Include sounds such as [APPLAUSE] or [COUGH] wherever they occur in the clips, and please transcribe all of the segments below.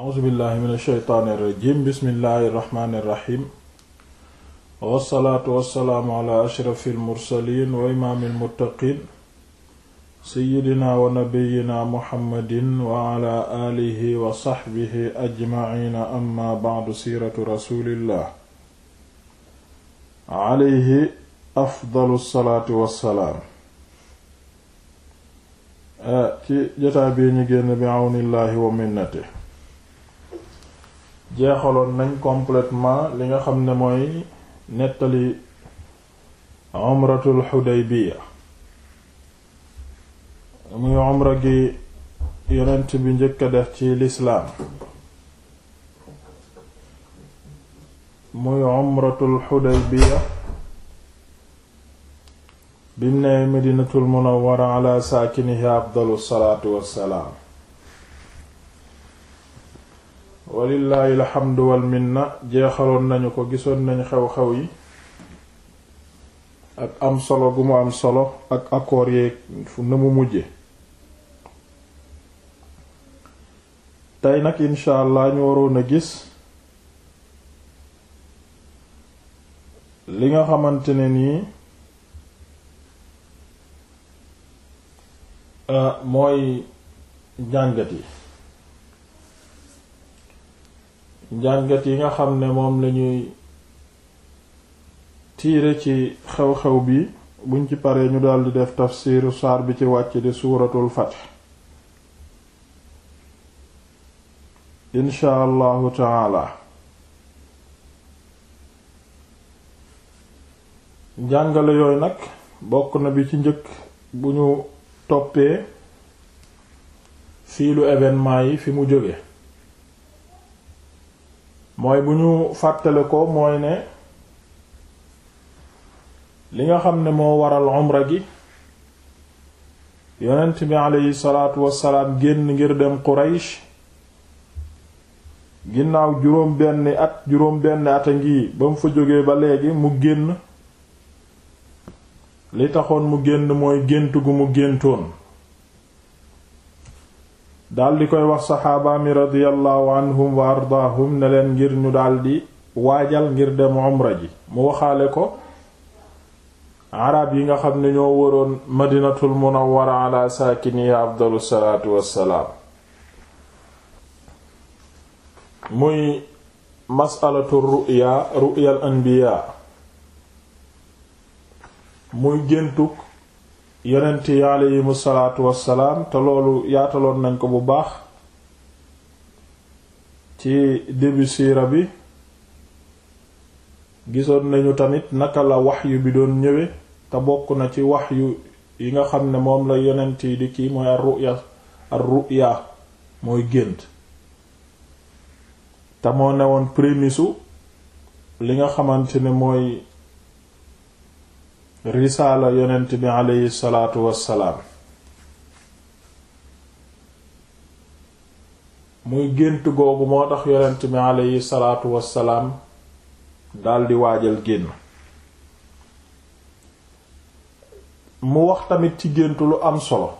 a'uuzu billahi min asheytaani irrajim bismillahi irrahmaani irrahim wassalaatu wassalaamu ala ashrafi wa imaami almuttaqin seyidina wa nabiyina muhammadin wa ala wa saxbihi ajmaciina amma bacdu siiratu rasulillah alayhi afdalu salaatu wassalaam ci jotaa bii ñu génn bi wa minnate jeexaloon nañ complètement li nga xam ne mooy nettali umratul Hudaybiya muy umra gi bi njëkk a def ci lislaam muy umratul Hudaybiya bim ne Madinatul Munawwara ala saakinihi afdalu salaatu wassalaam walillahi alhamdu wal minna jeexaloon nañu ko gisoon nañu xew-xew yi ak am solo gu mu am solo ak accords yeeg fu na mu mujje tey nag incha allah ñu waroon a gis li nga xamante ne nii ah, mooy jàngat yi njàngat yi nga xam ne moom lañuy tiire ci xew bi buñ ci paree ñu daldi def tafsiru saar bi ci wàcc suuratul fath insha allahu taala njàngale yooyu nag bokk na bi ci njëkk bu ñu toppee fiilu événement yi fi mu jóge mooy bu ñu fàttale ko mooy ne li nga xam ne moo waral umra gi yonent bi aleyhi salaatu wassalaam génn ngir dem Quraysh ginnaaw juróom benn at juróom benn at a ngi ba mu fa jógee ba léegi mu génn li taxoon mu génn mooy gént gu mu géntoon daal di koy wax saxaabaami radiyallahu anhum wa ardaahum ne leen ngir ñu daldi waajal ngir dem umra ji mu waxaale ko arab yi nga xam ne ñoo waroon madinatul munawwara ala saakiniha afdalu salaatu wassalaam muy masalatu ru'ya ru'yal anbiya muy géntug yonent yi aleyhim salaatu salaam te loolu yaataloon nañ ko bu baax ci début siira bi gisoon nañu tamit naka la waxyu bi doon ñëwe te bokk na ci waxyu yi nga xam ne moom la yonent yi di kii mooy ar ruya mooy gént te moo newoon prémisu li nga xamante ne mooy risaala yonent bi aleyhi salaatu wassalaam muy gént googu moo tax yonent bi aleyhi wassalaam daldi waajal génn mu wax tamit ci gént lu am solo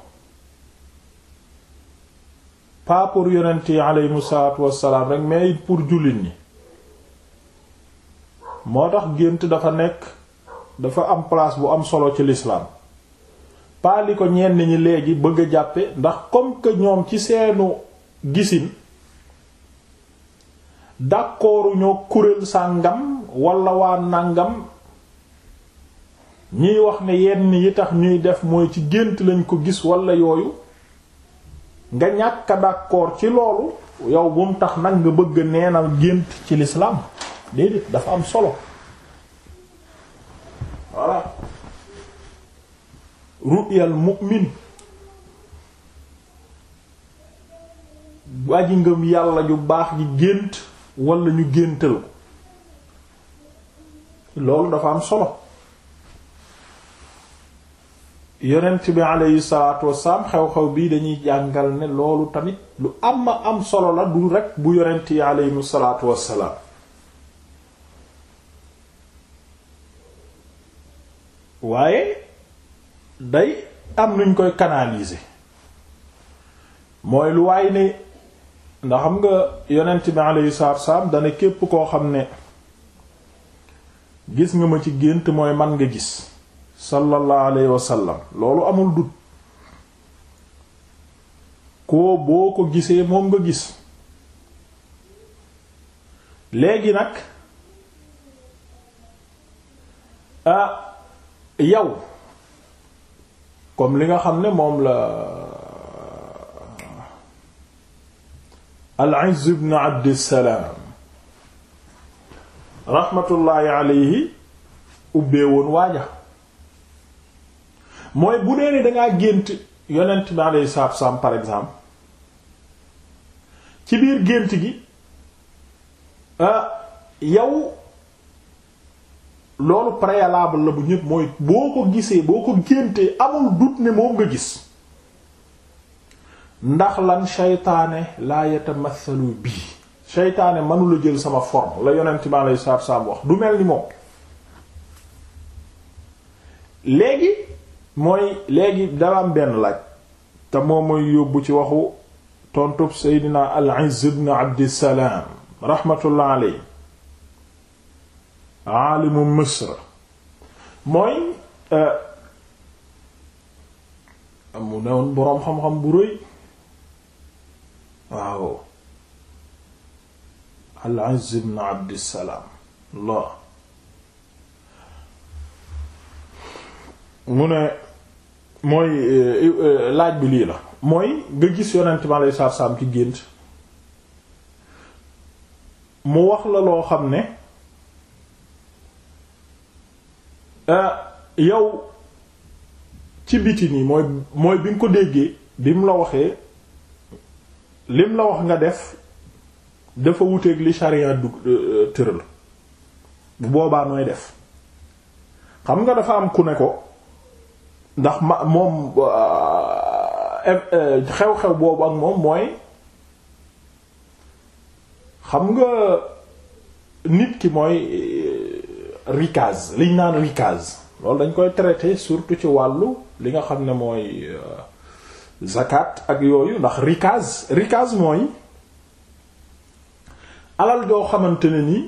pas yonent yi aleyhimu salaatu wassalaam rekk mais pour jullit ñi moo tax gént dafa nekk dafa am place bu am solo ci l'islam pas ko ñenn ñi léegi bëgg jàppe ndax kom que ñoom ci seenu gisin d'accordu ñoo kuréel sàngam wala waa nàngam ñiy wax ne yenn yi tax ñuy def mooy ci gént lañ ko gis walla yooyu nga ñàkk a ci loolu yow bu mu tax nag nga bëgg a neenal gént ci lislaam dafa am solo voilà ru'yal mu'min waji ngëm yàlla ju baax ji gént wala ñu géntal ko loolu dafa am solo yonent bi aleyhi salaatu wasalaam xew-xew bii dañuy jàngal ne loolu tamit lu am am solo la du rekk bu yonent yi aleyhimu salaatu wasalaam waaye day am nuñ koy canaliser mooy lu waay ne ndax xam nga yonent bi yu salaatu salaam dana képp koo xam ne gis nga ma ci gént mooy man nga gis sallallahu alayhi wa loolu amul dut koo boo ko gisee moom nga gis léegi nag ah yow comme li nga xam ne moom la euh, al-Izz ibn Abdissalaam raxmatullaahi alayhi ubbee woon waaja mooy bu dee ne dangaa gént yonent bi alayhi salaatu salaam par exemple ci biir gént gi euh, yow loolu préalable la bu ñëpp mooy boo ko gisee boo ko géntee amul dut ne moom nga gis ndax lan seytaane laa yatamathalu bii seytaane mënula jël sama forme la yonent ma lay saab saab wax du mel ni moom léegi mooy léegi dara am benn laaj te moom mooy yóbbu ci waxu tontub seydina al-Izz ibn Abdissalaam raxmatullah alayhi aalimu misr mooy euh, mu newoon boroom xam-xam bu rëy waaw al-Azz ibn Abdissalaam la mu ne mooy euh, laaj bi lii la mooy nga gis yonent mi alayhi salaam ci gént mu wax la loo xam ne Euh, yow ci biti nii mooy mooy bi nga ko déggee bi mu la waxee lim la wax nga def dafa wuteeg li sharia du euh, euh, tëral bu boobaa nooy def xam nga dafa am ku ne ko ndax ma moom xew-xew boobu ak moom mooy xam nga nit ki mooy rikaz liñ naan rikaz loolu dañ koy traité surtout ci wàllu li nga xam ne mooy euh, zakat ak yooyu ndax rikaz rikaz mooy alal joo xamante ne ni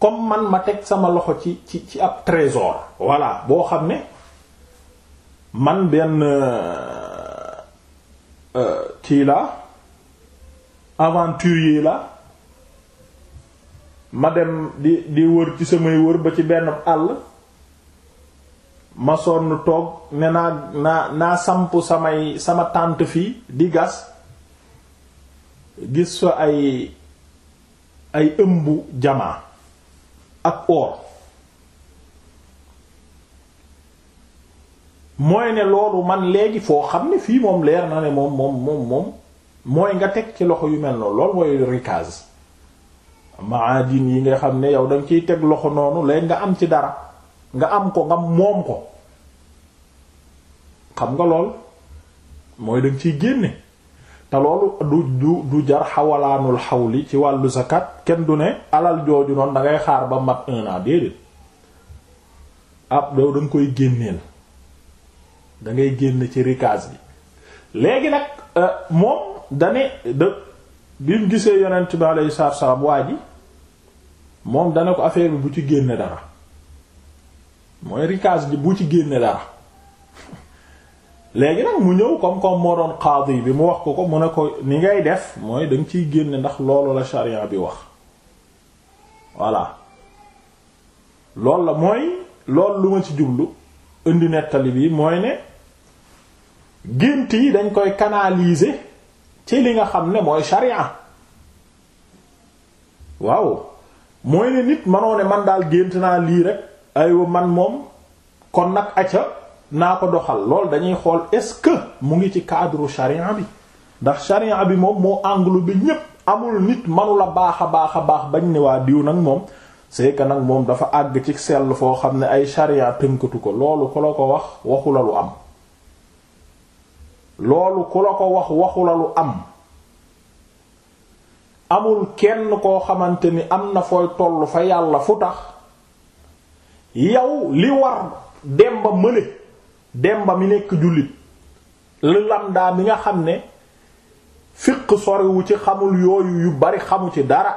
comme man ma teg sama loxo ci ci ci ab trésor voilà boo xam ne man benn euh, euh, kii la aventurier la ma dem di di wër ci samay wër ba ci benn àll ma sonn toog ne naa naa samp samay sama tànt fii di gas gis fa ay ay ëmbu jamaa ak oor mooy ne loolu man léegi foo xam ne fii moom leer na ne moom moom moom moom mooy nga teg ci loxo yu mel noonu loolu mooy rikaz ma maadin yi nga xam ne yow danga ciy teg loxo noonu léegi nga am ci dara nga am ko nga moom ko xam nga lool mooy danga ciy génne te loolu du du du jar xawalaanul xawli ci wàllu zakat kenn du ne alal jooju noonu da ngay xaar ba mat un an déedéet ab ah doo danga koy génneel da ngay génn ci rikaas bi léegi nag euh, moom dane da bi mu gisee yonent bi alayhi salaam waa ji moom dana ko affaire bi bu ci génne dara mooy rikaas bi bu ci génne dara léegi nag mu ñëw comme comme moo doon qaadi bi mu wax ko ko mu ne ko ni ngay def mooy da nga ciy génne ndax loolu la sharia bi wax voilà lool la mooy loolu lu ma ci jublu indi nettali bi mooy ne gént yi dañ koy canaliser ci li nga xam ne mooy sharia waaw mooy ne nit manoo man daal gént naa lii rek aywa man moom kon nag aca naa ko doxal lool dañuy xool est-ce que mu ngi ci cadre charia bi ndax charia bi moom moo englobe bi ñépp amul nit manula baax a baax a baax bañ ne waa diw nag moom c'est que nag moom dafa àgg ci sell foo xam ne ay charia tënkatu ko loolu ku la ko wax waxu la lu am loolu ku la ko wax waxu la lu am amul kenn koo xamante ni am na fooy tollu fa yàlla fu tax yow li war demba mële demba mi nekk jullit lu lamdaa mi nga xam ne fiq soriwu ci xamul yooyu yu bari xamu ci dara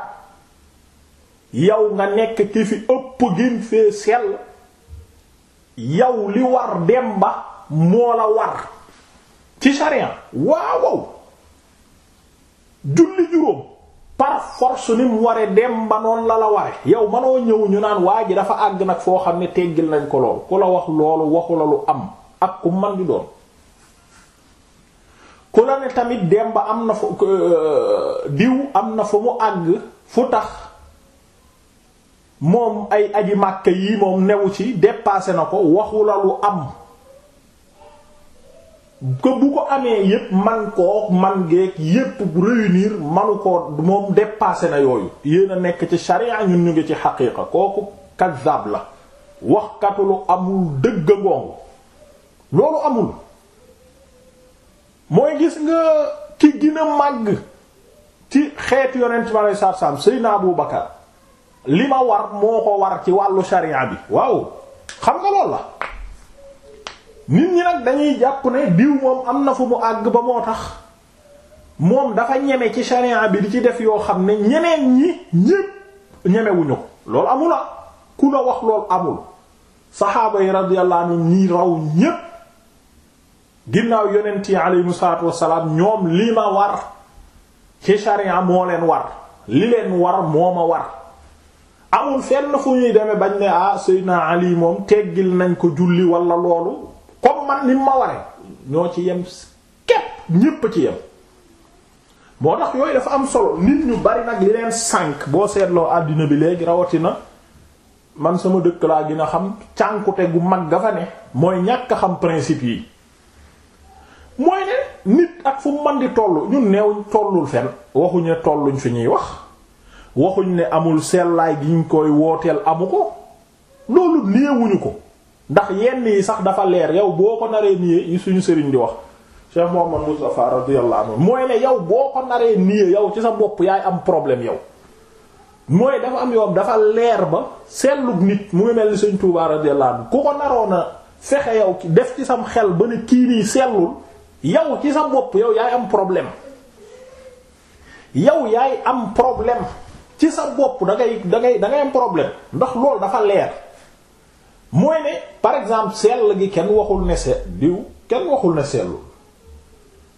yow nga nekk ki fi ëpp gin fee sell yow li war demba moo la war ci sharia waaw julli juróom par force ni mu waree dem ba noonu la la ware yow manoo ñëw ñu naan waa ji dafa àgg nag foo xam ne teggil nañ ko lool ku la wax loolu waxu la lu am ak ku man di doon ku la ne tamit dem ba am na fu euh, diw am na fu mu àgg fu tax moom ay aji màkk yi moom newu ci dépassé na ko waxu la lu am ko bu ko amee yépp man kook man geek yépp bu réunir manu ko moom dépassé na yooyu yéen a nekk ci sharia ñun ñu ngi ci xaqiiqa kooku kazzab la waxkatu lu amul dëgg ngoongu loolu amul mooy gis nga ki gën màgg ci xeet yonent bi alei satu salaam Seydina Abu Bakar li ma war moo ko war ci wàllu sharia bi waaw xam nga loolu la nit ñi nag dañuy jàpp ne diw moom am na fu mu àgg ba moo tax moom dafa ñeme ci sharia bi di ci def yoo xam ne ñeneen ñi ñépp ñemewuñu ko loolu amula ku la wax loolu amul saxaaba yi radiyallahu anhum ñi raw ñépp ginnaaw yonent yi aleyhimu salaatu wassalaam ñoom li ma war ci sharia moo leen war li leen war moo ma war amul fenn fu ñuy demee bañ ne ah Seydina Ali moom teggil nañ ko julli wala loolu man ni ma ware ñoo ci yem képp ñépp ci yem moo tax yooyu dafa am solo nit ñu bari nag li leen sànk boo seetloo àddina bi léegi rawatina man sama dëkk laa gën a xam cànkute gu mag ga ne mooy ñàkk xam principe yi mooy ne nit ak fu man di toll ñun neewuñ tollul fen waxuñ ne tolluñ fi ñuy wax waxuñ ne amul sellaay gi ñu koy wooteel amu ko loolu néewuñu ko ndax yenn yi sax dafa leer yow boo ko naree nié yi suñu sëriñ di wax Cheikh Mouhamed Moustapha radiyallahu anhu mooy ne yow boo ko naree nié yow ci sa bopp yaay am problème yow mooy dafa am yoon dafa leer ba seetlug nit mu ngi mel ni Sëriñ Tuubaa radiyallahu ko naroon a fexe yow def ci sam xel ba ne kii nii seetlul yow ci sa bopp yow yaay am problème yow yaay am problème ci sa bopp da ngay da da ngay am problème ndax loolu dafa leer mooy ne par exemple sell gi kenn waxul ne se diw kenn waxul ne sellul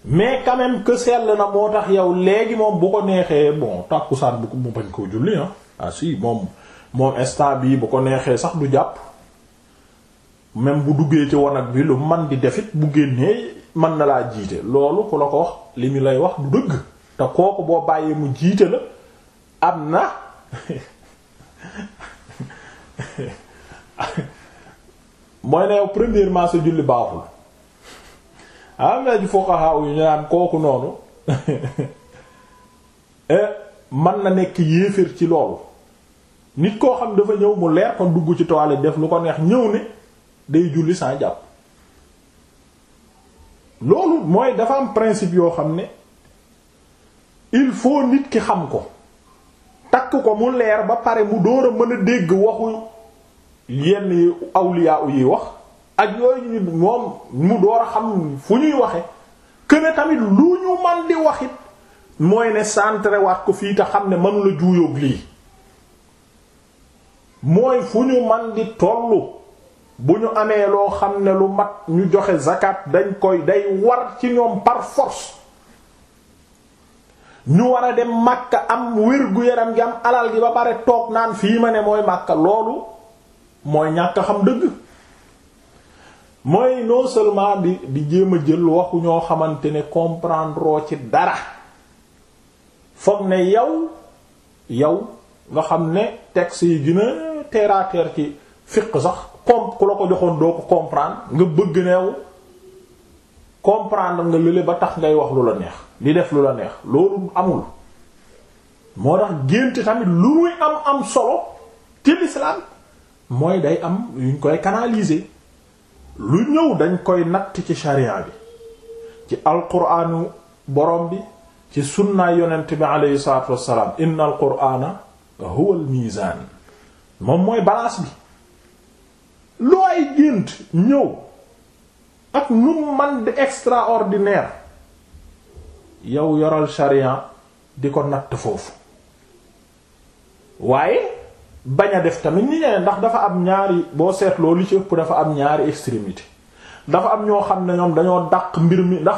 mais quand même que sell na moo tax yow léegi moom bu ko neexee bon tàkkusaan bu ko mu bañ koo julli ah ah moom instant bii bu ko neexee sax du jàpp même bu duggee ci wanag bi lu man di defit bu génnee mën na laa jiite loolu ku la ko wax li mu lay wax bu dëgg te kooku boo bàyyee mu jiite la am na [LAUGHS] mooy ne yow premièrement sa julli baaxul am na ji fuqaha yu ñu naan kooku noonu [LAUGHS] eh, man na nekk yéeféer ci loolu nit koo xam dafa ñëw mu leer ko dugg ci toilette def lu ko neex ñëw ne day julli sans jàpp loolu mooy dafa am principe yoo xam ne il faut nit ki xam ko takk ko mu leer ba pare mu dóor a mën a dégg waxu yenn yi awliya yi wax ak yooyu nit moom mu door a xam fu ñuy waxe këne tamit lu ñu man di waxit mooy ne centré waat ko fii te xam ne mënu la lii mooy fu ñu man di tollu bu ñu amee loo xam ne lu mat ñu joxe zakat dañ koy day war ci ñoom par ñu war a dem Makka am wér gu yaram gi am alal gi ba pare toog naan fii ma ne mooy Makka loolu mooy ñàkk xam dëgg mooy non seulement bi di jéem a jël waxu ñoo xamante ne comprendre ci dara foog ne yow yow nga xam ne texte yi gën a terre ci fiqh sax comme ku la ko joxoon doo ko comprendre nga bëgg neew comprendre nga lële ba tax ngay wax lu la neex di def lu la neex loolu amul moo tax gént tamit lu muy am am solo ci l'islam mooy day am yuñ koy canaliser lu ñëw dañ koy natt ci sharia bi ci alquraanu borom bi ci sunnaay yonent bi aleyhi salatu wassalaam inna al qurana huwa moom mooy balance bi lu ay gént ñëw ak num man di extraordinaire yow yoral sharia di ko natt foofu waaye bañ a def tamit ni ñeneen ndax dafa am ñaari boo seetloo li ci ëpp dafa am ñaari extrémité dafa am ñoo xam ne ñoom dañoo dàq mbir mi ndax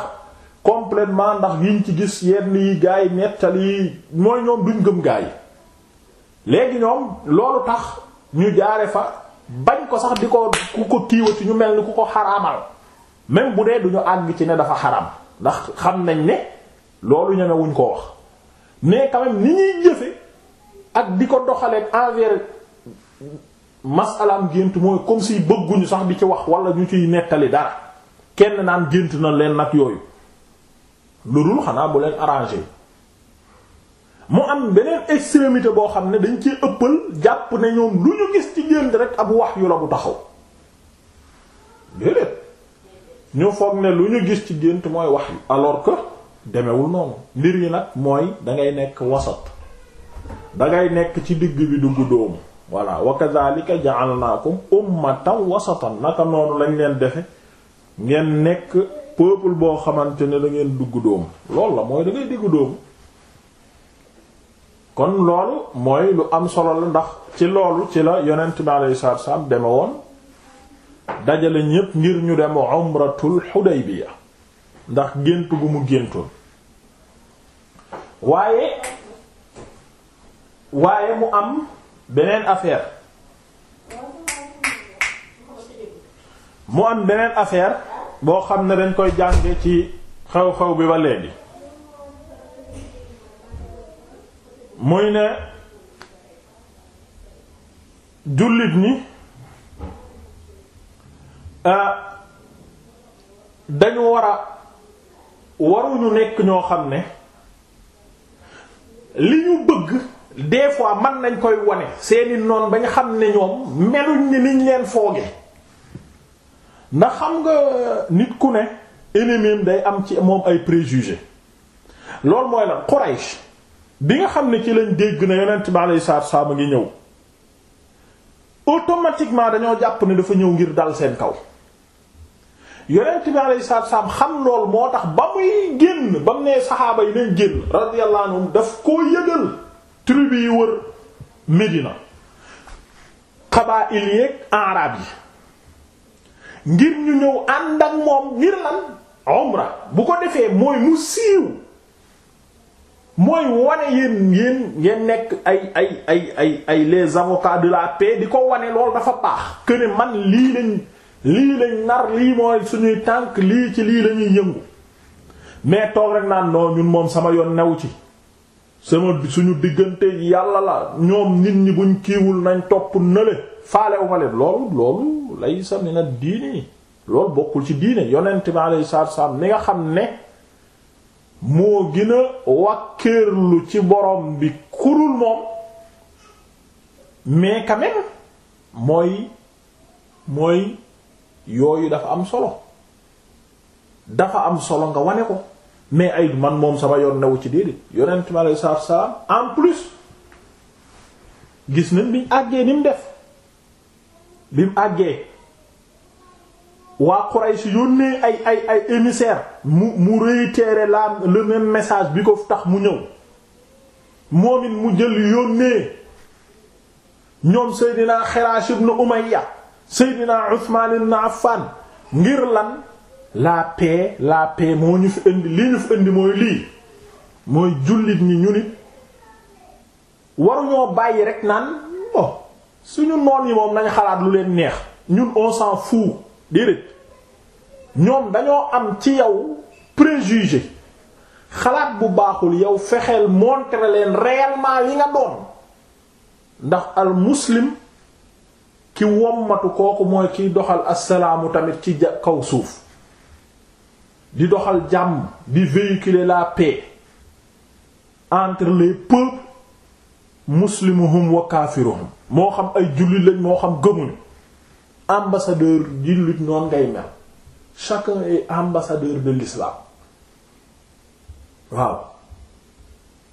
complètement ndax yiñ ci gis yenn yi gaa yi nettali mooy ñoom duñ gëm gaa yi léegi ñoom loolu tax ñu jaare fa bañ ko sax di ko ku ko kiiwati ñu mel ni ku ko xaraamal même bu dee duñu àgg ci ne dafa xaram ndax xam nañ ne loolu ñemewuñ koo wax mais quand ni ñuy jëfe ak bi ko doxalee envers masalaam gént mooy comme si bëgguñu sax bi ci wax wala ñu ciy nettali dara kenn naan gént na leen nag yooyu lu xanaa bu leen arrangé mu am beneen extrémité boo xam ne dañ ci ëppal jàpp ne ñoom lu ñu gis ci gént wax yu bu taxaw déedéet ne lu ñu gis ci gént mooy wax yu alors que demewul noonu mbir yi nag mooy dangay nekk wasat dangay nekk ci digg bi duggu dóomu voilà wa kadhalika ja'alnakum ummatan wasatan naka noonu lañ leen defe ngeen nekk peuple boo xamante ne da ngeen dugg dóomu loolu la mooy da ngay dóomu kon loolu mooy lu am solo la ndax ci loolu ci la yonent bi alayhi salaatu wassalaam deme woon dajale ñépp ngir ñu dem umratul Hudaybiya ndax gént bu mu géntoon waaye waaye mu am beneen affaire mu am beneen affaire boo xam ne dañ koy jànge ci xew-xew bi ba léegi muy ne jullit ñi euh, dañu war waruñu nekk ñoo xam ne li ñu bëgg des fois man nañ koy wone seeni noon ba nga xam ne ñoom meluñ ni niñ leen fooge ndax xam nga nit ku ne ennemi day am ci moom ay préjugés loolu mooy lan Quraysh bi nga xam ne ci lañ dégg na yonent bi alayhi salaatu salaam a ngi ñëw automatiquement dañoo jàpp ni dafa ñëw ngir dal seen kaw yonent bi alayhi salaatu salaam xam lool moo tax ba muy génn ba mu nee saxaaba yi nañ génn radiyallahu anhum daf koo yëgal tribu yi wër Médina xabaa'il yeeg arab yi ngir ñu ñëw ànd ak moom ngir lan umra bu ko defee mooy mu siiw mooy wane yéen yéen ngeen nekk ay ay ay ay ay les la paix di ko wane lool dafa baax que ne man lii lañ lii lañ nar lii mooy suñuy tànk lii ci lii la yëngu mais toog rek naan non ñun moom sama yoon new ci sama suñu diggante yàlla la ñoom nit ñi buñ kiiwul nañ topp nële faalewu ma leen loolu loolu lay sa diini loolu bokkul ci diine yonent bi alayhi salaatu wassalaam mi nga xam ne moo gën a wàkkeerlu ci borom bi kurul moom mais quand mooy mooy yooyu dafa am solo dafa am solo nga wane ko mais ay man moom sama yoon newu ci déedéet yonent mi aleyhi salaam en plus gis nañ biñ àggee ni mu def bi mu àggee waa Quraysh yónnee ay ay ay émissaire mu mu réitérer la le message bi ko tax mu ñëw moom it mu jël yónnee ñoom Seydina Xiraash ibn Umayya Seydina Usmaan ibn Affan ngir lan la paix la moo ñu fi indi lii ñu fi indi mooy lii mooy jullit ñi ñu nit waruñoo bàyyi rek naan suñu noon yi moom nañ xalaat lu leen neex ñun on s'en déedéet ñoom dañoo am ci yow préjugé xalaat bu baaxul yow fexeel montrer leen réellement li nga doon ndax al muslim ki wommatu kooku mooy kiy doxal assalaamu tamit ci kaw suuf di doxal jàmm di véhiculer la paix entre les peuples muslimuhum wa kaafiruhum moo xam ay jullit lañ moo xam gëmuñu ambassadeur jullit noon ngay mel chacun est ambassadeur de l'islam waaw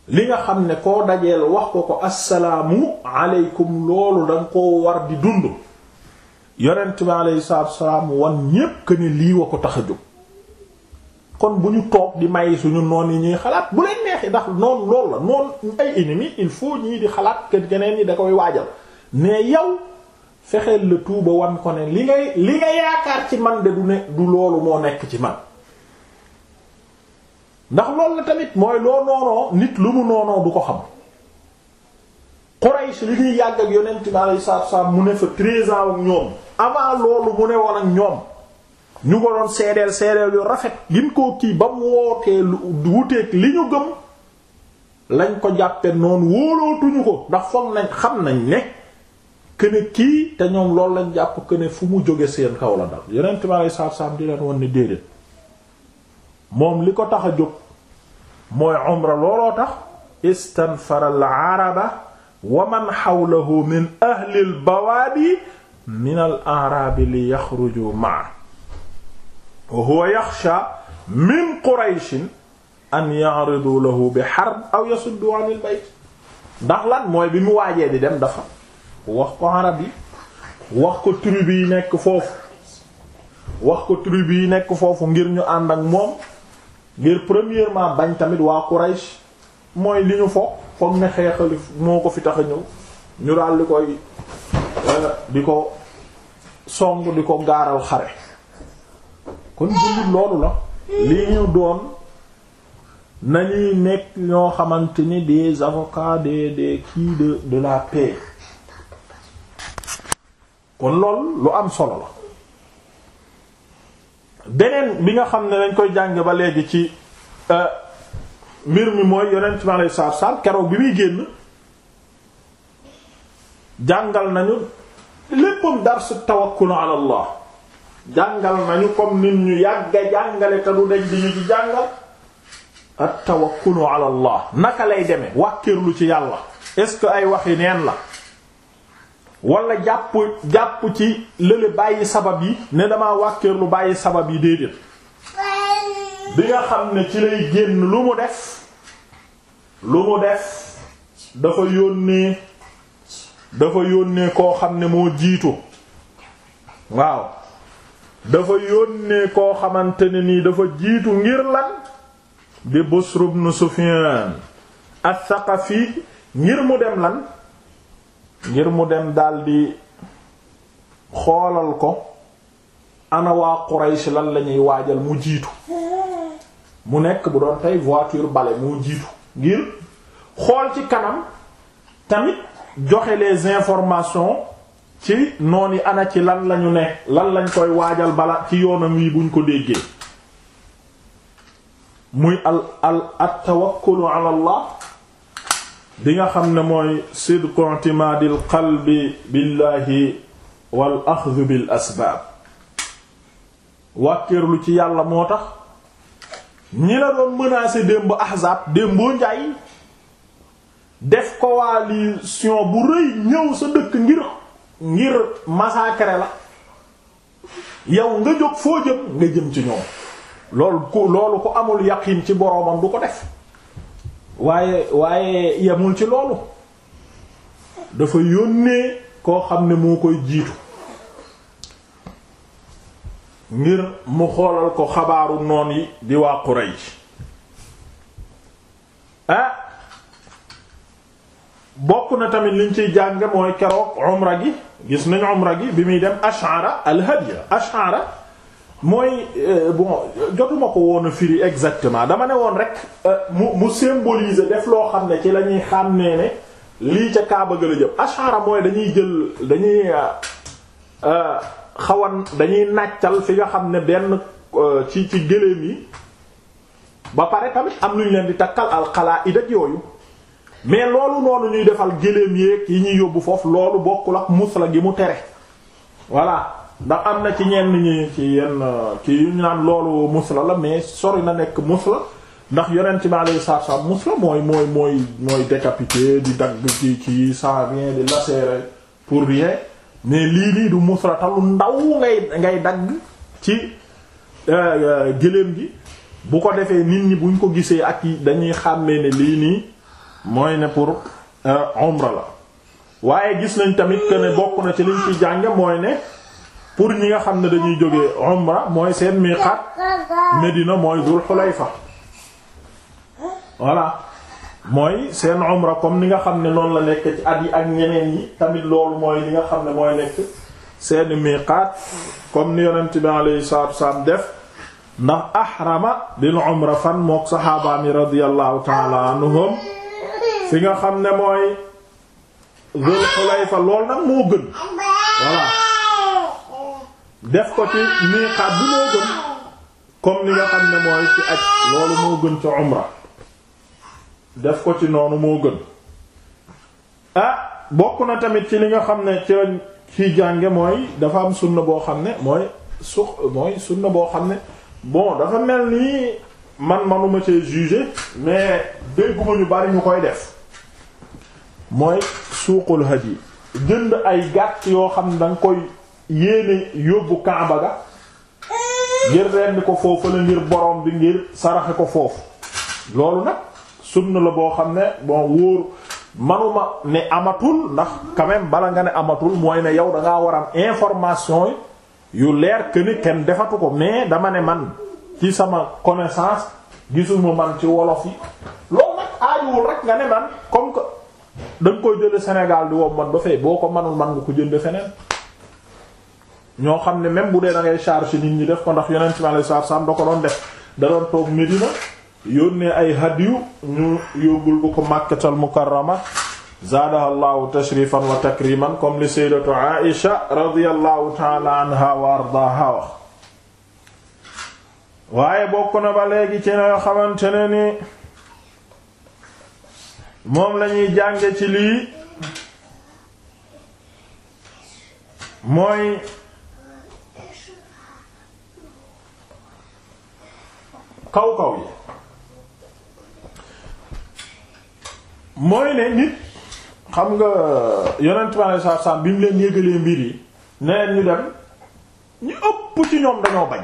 li nga xam ne koo dajeel wax ko ko assalaamu aleykum loolu danga koo war di dund yonent bi aleyhi salaatu wa salaam wan ñépp ne lii wa ko tax a jóg kon bu ñu toog di may suñu noon yi ñuy xalaat bu leen neexee ndax noonu loolu la noonu ay ennemis il faut ñii di xalaat kër geneen yi da koy waajal mais yow fexeel la tuuba wan ko ne li ngay li nga yaakaar ci man de du ne du loolu moo nekk ci man ndax loolu la tamit mooy loo noonoo nit lu mu noonoo du ko xam Quraysh li ñuy yàgg ak yonent bi alayhi salaatu wa salaam mu ne fa 13 ans ak ñoom avant loolu mu ne woon ak ñoom ñu ko doon seedeel seedeel yu rafet gin koo kii ba mu wootee lu wuteeg li ñu gëm lañ ko jàppe noonu wóolootuñu ko ndax foog nañ xam nañ ne këne kii te ñoom loolu lañ jàpp këne fu mu jóge seen kaw la dal yonent bi alei saatu salaam di leen won déedéet moom li ko tax a jóg mooy umra looloo tax istanfara al araba wa man xawlahu min ahli al bawaadi arabi li yaxruju ma wa huwa yaxsha min qurayshin an ya'ridu lahu bi harb aw yasuddu anil bayt ndax lan mooy bi mu waajee di dem dafa wax ko arab yi wax ko tribu yi nekk foofu wax ko tribu yi nekk foofu ngir ñu ànd ak moom ngir premièrement bañ tamit waa Quraysh mooy li ñu foog foog ne xeexali moo ko fi tax a ñëw ñu daal koy euh, di ko song di ko gaaral xare kon jullit loolu la li ñu doom nañuy nekk ñoo xamante ni des avocats des des kii de de la paix kon lool lu am solo la beneen bi nga xam ne dañ koy jàng ba léegi ci euh, mbir mi mooy yonent mi alei saatu salaam keroog bi muy génn jàngal nañu léppam darsu tawakkul ala Allah jàngal nañu comme nit ñu yàgga jàngale te du daj di ci jàngal at tawakkulu ala naka lay deme wàkkirlu ci yàlla est-ce que ay waxi neen la wala jàpp jàpp ci lële bàyyi sabab yi ne damaa wàkkirlu bàyyi sabab yi déedéet bi nga xam ne ci lay génn lu mu def lu mu def dafa yónnee dafa yónnee koo xam ne moo jiitu waaw dafa yónnee koo xamante ne nii dafa jiitu ngir lan di Busr ibn Sufyan as-Saqafi ngir mu dem lan ngir mu dem daldi xoolal ko ana waa Quraysh lan lañuy ñuy waajal mu jiitu mu nekk bu doon tey voiture bale mu jiitu ngir xool ci kanam tamit joxe les informations ci noon ana ci lan lañu ne lan lañ koy waajal bala ci yoonam yi buñ ko déggee muy al al at tawakkulu ala allah bi nga xam ne mooy sidqu i'timaadil qalbi billaahi wal axdu bil asbaab wàkkeerlu ci yàlla moo tax ñi la doon menacé démb ahzaab démboo njaay def coalition bu rëy ñëw sa dëkk ngir ngir massacrer la yow nga jóg foo jëm nga jëm ci ñoom loolu ku loolu ku amul yaqiin ci boroomam du ko def waaye waaye yemul ci loolu dafa yónnee koo xam ne moo koy jiitu ngir mu xoolal ko xabaaru noon yi di waa Quraysh ah bokk na tamit liñ ciy jàng mooy keroog umra gis nañ umra gi bi muy dem ash'ara al hadiya ash'ara mooy euh, bon jotuma ko woon a firi exactement dama ne woon rek euh, mu mu symboliser def loo xam ne ci lañuy ñuy xàmmee ne lii ca Kaaba ga la mooy dañuy jël dañuy euh, xawan dañuy nàccal fi nga xam ne benn ci ci gëléem yi ba pare tamit am luñ leen di takkal al qala'id ak yooyu mais loolu noonu ñuy defal gëléem yéeg yi ñuy yóbbu foofu loolu bokkul ak musla gi mu tere voilà ndax am na ci ñenn ñi ci yenn euh, ki ñu naan loolu musla la mais sori na nekk musla ndax yonent ci alayhi salaatu salaam musla mooy mooy mooy mooy décapité di dagg ci ci sans rien di lacérer pour rien mais lii nii du musla talu ndaw ngay ngay dagg ci euh, euh, gëléem gi bu ko defee nit ñi buñ ko gisee ak dañuy xàmmee ne lii nii mooy ne pour umra euh, la waaye gis nañ tamit que ne bokk na ci liñ ci jàng mooy ne pour ñi nga xam ne dañuy jóge umra mooy seen miqaat Medina mooy Dul Xulayfa voilà mooy seen umra comme ni nga xam ne noonu la nekk ci at yi ak ñeneen yi tamit loolu mooy li nga xam ne mooy nekk seen miqaat comme ni yonent bi alayhi salaatu wassalaam def ndax ahrama bil umra fan mook saxaabaami radiyallahu ta'ala anhum fi nga xam ne mooy Zul fa lool nag moo gën voilà def ko ci miiqaat bi moo gën comme ni nga xam ne mooy ci ak loolu moo gën ca umra def ko ci noonu moo gën ah bokk na tamit ci li nga xam ne ci lañ ciy jànge mooy dafa am sunna boo xam ne mooy su mooy sunna boo xam ne bon dafa mel nii man manuma cee juger mais dégguma ñu bari ñu koy def mooy suuqul yi jënd ay gàtt yoo xam ne da koy yéene yóbbu Kaaba ga ngir rendi ko foofu ngir borom bi ngir saraxe ko foofu loolu nag na la boo xam ne bon wóor manuma ne amatul ndax quand bala nga ne amatul mooy ne yow da ngaa war am information yu leer que kenn defatu ko mais dama ne man ci sama connaissance gisuma man ci wolof yi loolu nag aajuwul rek nga ne man comme que. danga koy jële Sénégal di wom man ba fee boo ko manul man nga ko jënd feneen ñoo xam ne même bu dee da ngay charge nit ñi def ko ndax yeneen ci mala sar sam da ko doon def da doon toog Medina yónnee ay hadiyu ñu yóbbul bu ko Makkatal Mukarrama zaadaha llahu tashrifan wa takriman comme li sayyidatu Aisha radiyallahu ta'ala wa ardaha wax waaye bokk na ba léegi ci nga xamante ne ni moom lañuy jànge ci lii mooy kaw kaw yi mooy ne nit xam nga yonent bi alayhi salaatu bi mu leen yëgalee mbir yi neen ñu dem ñu ëpp ci ñoom dañoo bañ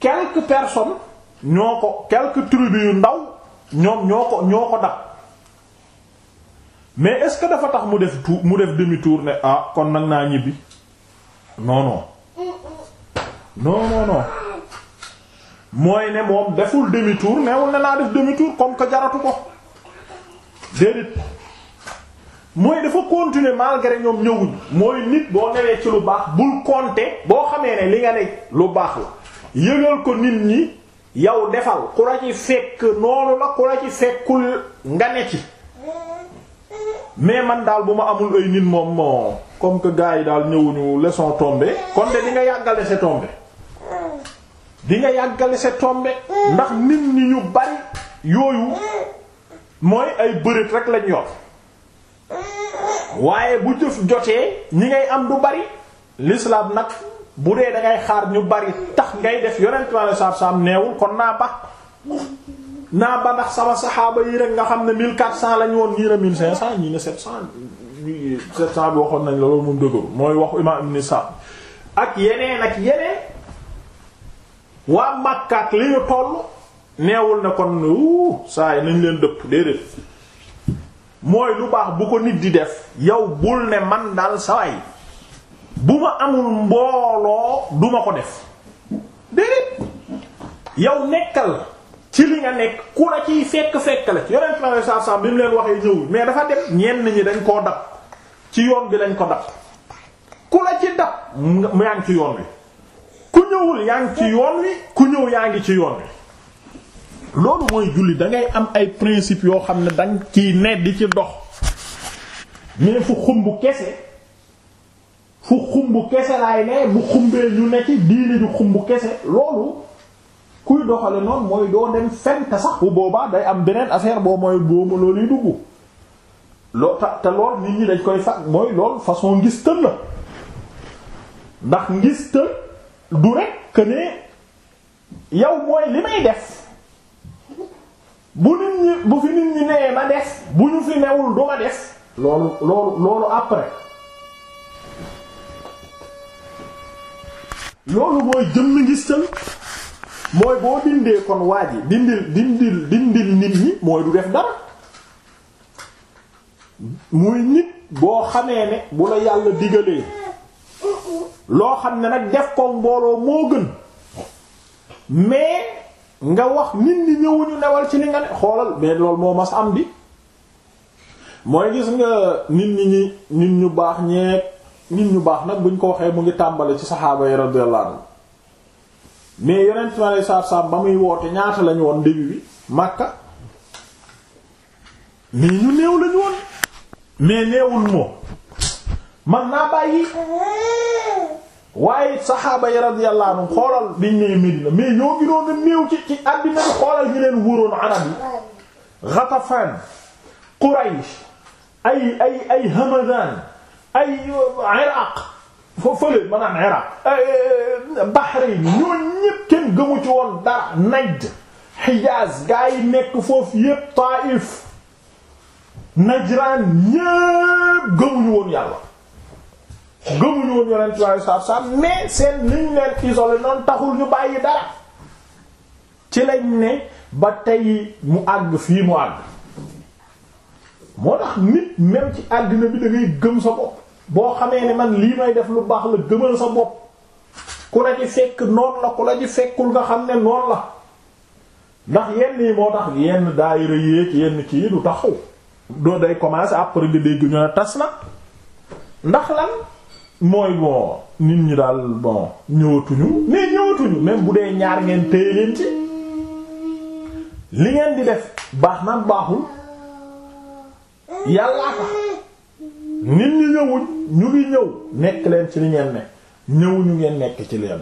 quelques personnes ñoo ko quelques tribus yu ndaw ñoom ñoo ko ñoo ko dab mais est-ce que dafa tax mu def tour mu def demi-tour ne ah kon nag naa ñibbi non non non non non mooy ne moom deful demi-tour neewul ne naa def demi-tour comme que jaratu ko déedéet mooy dafa continuer malgré ñoom ñëwuñ mooy nit boo newee ci lu baax bul compter boo xamee ne li nga ne lu baax la yëgal ko nit ñi. yow defal ku la ci fekk noonu la ku la fekkul nga ne ci mais man daal bu ma amul ay nit moom moo comme que gars yi daal ñëwuñu laissons tomber kon de di nga yàgg a laisser tomber di nga yàgg a laisser ndax nit ñi ñu bari yooyu mooy ay bëreet rek lañ yor waaye bu jëf jotee ñi ngay am du bari l'islam nag bu dee da ngay xaar ñu bari tax ngay def yonent bi aleyhis salaatu salaam neewul kon naa ba naa ba ndax sama saxaaba yi rek nga xam ne 1400 lañu woon ñii ne 1500 ñii ne 700 700 bi waxoon nañ loolu moom dëgëru mooy waxu imaam Ibn Sa'd ak yeneen ak yeneen waa Makka ak li ñu neewul ne kon wuu saa nañ leen dëpp déedéet mooy lu baax bu ko nit di def yow bul ne man daal saa yi bu ma amul mbooloo duma ko def déedéet yow nekkal ci li nga nekk ku la ciy fekk-fekk la yonent na saa saa bi mu leen waxee ñëwul mais dafa def ñenn ñi dañ koo dab ci yoon bi lañ ko dab ku la ci dab yaa ngi ci yoon wi ku ñëwul yaa ci yoon wi ku ñëw yaa ngi ci yoon loolu mooy julli da ngay am ay principe yoo xam ne danga ciy ne di ci dox mais fu xumb kese fu xumb kese laay ne bu xumbee ñu ne diini ju xumb kese loolu kuy doxale noonu mooy doo dem fen te sax bu boobaa day am beneen affaire boo mooy booma looluy dugg loo ta te ñi dañ koy sax mooy loolu façon ngistal la ndax ngistal bu ñu fi newul du ma loolu loolu après loolu mooy jëmm ngistal mooy boo dindee kon waa ji dindil dindil dindil nit ñi mooy du def dara muy nit boo xamee ne bu la yàlla digalee loo xam ne nag def ko mbooloo moo gën mais nga wax nit ñi ñëwuñu newal ci li nga ne xoolal mais loolu moo mas am bi mooy gis nga nit ñi ñi nit ñu baax ñeek nit ñu baax nag buñ ko waxee mu ngi tàmbali ci saxaaba yi radiyallahu anhu mais yonent mi alayhi salaatu ba muy woote ñaata lañu woon début bi Makka mais ñu néew lañu woon mais néewul moom man naa bàyyi waaye saxaaba yi radiyallahu anhu xoolal biñ nee Medina mais ñoo ginoon a néew ci ci àddina bi xoolal ñu leen wuroon arab yi Ghatafan Quraysh ay ay ay Hamadaan ay iraq fa fële maanaam iraq eh, bahrain ñoon ñépp kenn gëmu ci woon dara najd xijaaz gaa nekk foofu yépp taif najraan ñépp gëmuñu woon yàlla gëmuñu woon yonent bi sallallahu alayhi wa sallam seen niñ leen isolé noonu taxul ñu bàyyi dara ci lañ ne ba tey mu àgg fii mu àgg moo tax nit même ci àddina bi da gëm sa bopp boo xamee ne man lii may def lu baax la gëmal sa bopp ku la ci fekk noonu la ku la ci fekkul nga xam ne noonu la ndax yenn yi moo tax yenn daayira yéeg yenn kii du taxaw doo day commencer après nga dégg ñu ne tas na ndax lan mooy bon nit ñi daal bon ñëwatuñu mais ñëwatuñu même bu dee ñaar ngeen téye leen ci li ngeen di def baax naan baaxul yàllaa tax nit ñi ñëwuñ ñu ngi ñëw nekk leen ci li ngeen ne ñëwuñu ngeen nekk ci leen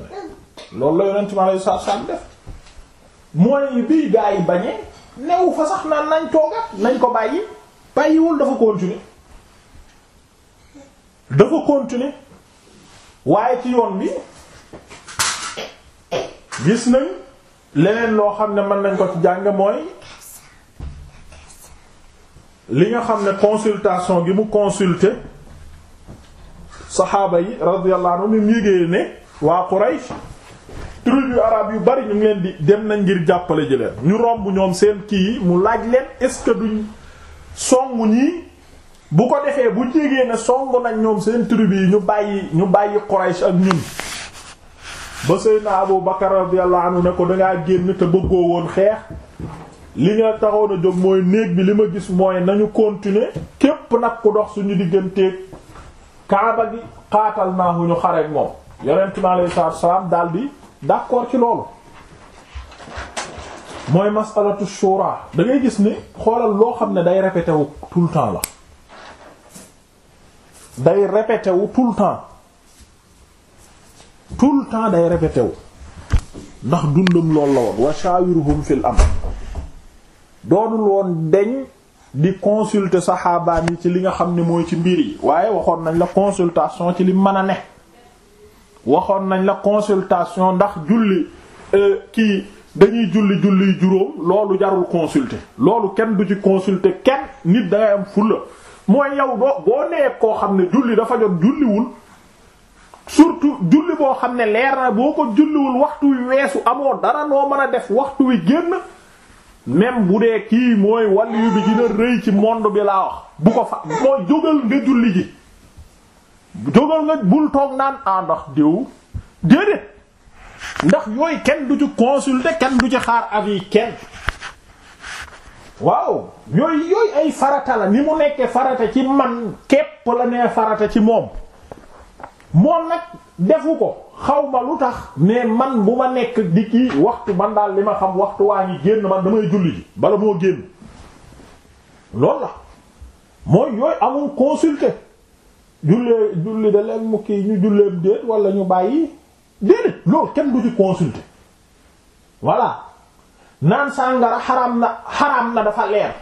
loolu la yonent mi alayhi salaatu salaam def mooy bii gaa yi bañee newu fa sax naan nañ toogat nañ ko bàyyi bàyyiwul dafa continuer dafa continuer waaye ci yoon bi gis nañ leneen loo xam ne mën nañ ko ci jàng mooy li nga xam ne consultation gi mu consulter saxaaba yi radiyallahu anhum mu yégee ne waa Quraysh tribu arab yu bari ñu ngi leen di dem nañ ngir jàppale ji leen ñu romb ñoom seen kii yi mu laaj leen est-ce que duñ songu ñii bu ko defee bu jégee ne songu nañ ñoom seen tribu yi ñu bàyyi ñu bàyyi Quraysh ak ñun ba Seydina Abu Bakar radiyallahu ne ko dangaa génn te bëggoo woon xeex li nga taxoon a jóg mooy néeg bi li ma gis mooy nañu continuer képp nag ku dox suñu digganteeg kaaba gi xaatal naa hu ñu xareek moom yonent mi alayhi salaatu salaam di d'accord ci loolu mooy masalatu shura da ngay gis ni xoolal loo xam ne day répété wu tout le temps la day répété wu tout le temps tout le temps day répété wu ndax dundam loolu la woon wa shawiruhum fil amr doonul woon deñ di consulter saxaabaan yi ci li nga xam ne mooy ci mbir yi waaye waxoon nañ la consultation ci li mën a ne waxoon nañ la consultation ndax julli euh, kii dañuy julli julli juróom loolu jarul consulter loolu kenn du ci consulter kenn nit dangay am fulla mooy yow doo boo nee koo xam ne julli dafa jot julliwul surtout julli boo xam ne leer na boo ko julliwul waxtu wi weesu amoon dara noo mën a def waxtu wi génn même bu dee kii mooy waliyu bi dina rëy ci monde bi laa wax bu ko fa mooy jógal nga julli ji jógal nga bul toog naan ah ndax diw déedéet ndax yooyu kenn du ci consulter kenn du ci xaar avis kenn waaw yooyu yooyu ay farata la ni mu nekkee farata ci man képp la nee farata ci moom moom nag defu ko xaw ma lu tax mais man bu ma nekk di kii waxtu man daal li ma xam waxtu waa ngi génn man damay julli ji bala moo génn loolu la mooy yooyu amul consulter jullee julli da leen mu kii ñu julleem déet wala ñu bàyyi déedéet loolu kenn du ci consulter voilà naan sàngara xaraam na xaraam na dafa leer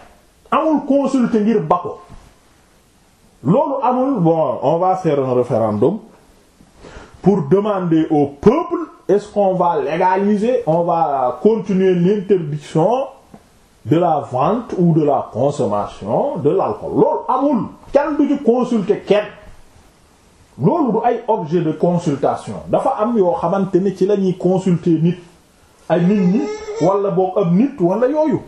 amul consulter ngir ba ko loolu amul bon on va faire pour demander au peuple est-ce qu'on va légaliser on va continuer l'interdiction de la vente ou de la consommation de l'alcool loolu amul kenn du ci consulter kenn loolu du ay objet de consultation dafa am yoo xamante ni ci la ñuy consulter nit ay nit ñi wala boog ab nit wala yooyu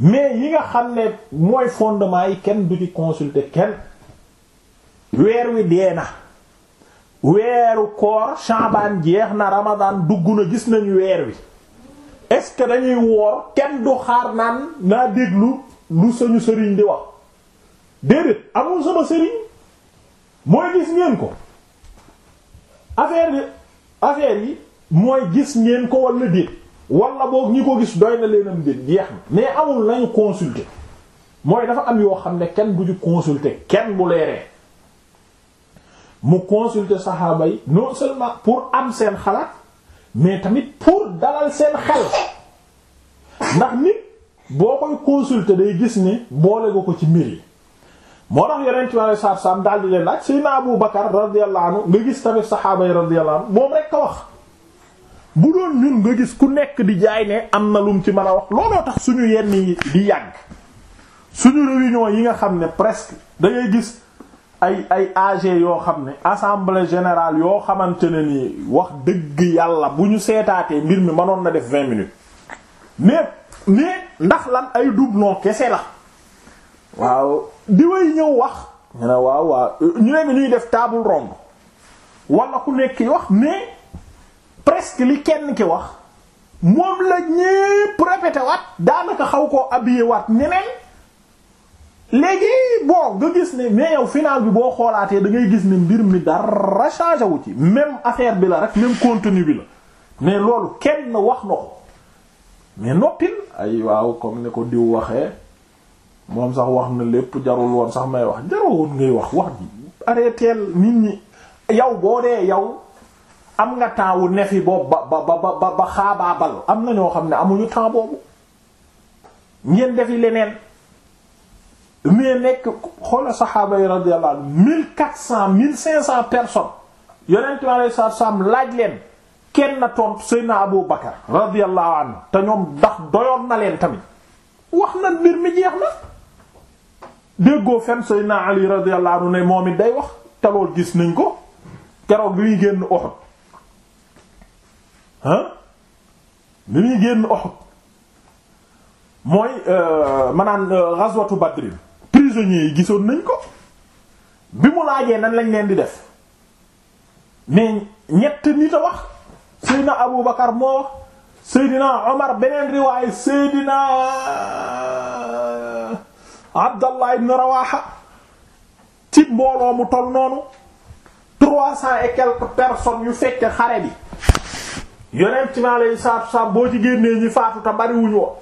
mais yi nga xam ne mooy fondement yi kenn du ci consulter kenn weer wi dee na weeru koor shambaan jeex na ramadan dugg na gis nañu weer wi est-ce que dañuy woor kenn du xaar naan naa déglu lu sañu sëriñ di wax déedéet amul sama sëriñ mooy gis ngeen ko affaire yi affaire yi mooy gis ngeen ko wala déet wala boog ñi ko gis doy na leenam déet jeex na mais amul lañu consulter mooy dafa am yoo xam ne kenn du ci consulter kenn bu leeree mu consulter saxaaba yi non seulement pour am seen xalaat mais tamit pour dalal seen xel ndax nit boo koy consulter day gis ni boole nga ko ci mbir yi moo tax yeneen ci wàllu saabsaab daal di leen laaj Seydina Abu Bakar radiyallahu anhu nga gis tamit saxaaba yi radiyallahu anhu moom rek ka wax. bu doon ñun nga gis ku nekk di jaay ne am na lum ci mën a wax looloo tax suñu yenn yi di yàgg suñu réunion yi nga xam ne presque da gis. ay ay age yoo xam ne assemblée générale yoo xamante ne wax dëgg yàlla bu ñu seetaatee mbir mi manoon na def vingt minutes mais mais ndax lan ay doublon kese la waaw di way ñëw wax ñu ne ne ñuy def table ronde wala ku nekk wax mais presque li kenn ki wax moom la ñépp répété waat daanaka xaw koo habillé waat ñeneen. léegi boo nga gis ne mais yow final bi boo xoolaatee dangay gis ne mbir mi dara changé wu ci même affaire bi la rek même contenu bi la mais loolu kenn wax na ko mais noppil ay waaw comme ne ko diw waxee moom sax wax na lépp jarul woon sax may wax jarul woon ngay wax wax ji arrêteel nit ñi yow boo dee yow am nga temps wu ne fi boobu ba ba ba ba xaabaabal am na ñoo xam ne amuñu temps boobu ngeen defi leneen mais nekk xoola saxaaba yi radiyallahu anhu mille quatre cent mille cinq cent personnes yonent bi alayhi salaatu salaam laaj leen kenn na tontu Seydina Abu Bakar radiyallahu anhu te ñoom ndax doyoon na leen tamit wax na mbir mi jeex na déggoo fenn Seydina Ali radiyallahu anhu ne moom it day wax te lool gis nañ ko keroog bi muy génn Uhud ah bi muy génn mooy euh, maanaam euh, ghazwatu Badr prisonniers gisoon nañ ko bi mu laajee nañ lañ leen di def mais ñett nit a wax Seydina Abu Bakar moo wax Seydina Omar beneen riwaaye Seydina euh, Abdallah ibn Rawaha ci mbooloo mu toll noonu trois cents et quelques personnes yu fekk xare bi yonent mi alayhi salaatu wa salaam boo ci génnee ñi faatu bariwuñu woon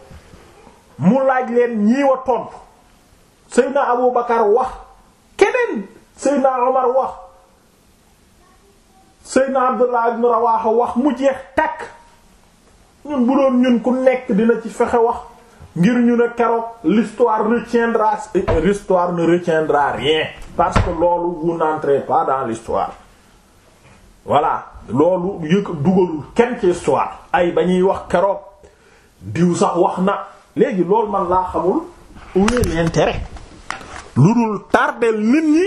mu laaj leen ñii tontu Seydina Abu Bakar wax keneen Seydina Omar wax Seydina Abdullah ibn Rawaha wax mu jeex takk ñun bu doon ñun ku nekk dina ci fexe wax ngir ñu ne keroog l'histoire retiendra l'histoire ne rien parce que loolu vous n'entrez pas dans l'histoire voilà loolu yëg dugalul kenn ci histoire ay ba ñuy wax keroog diw sax wax na léegi loolu man laa xamul où est l'intérêt lu dul tardeel nit ñi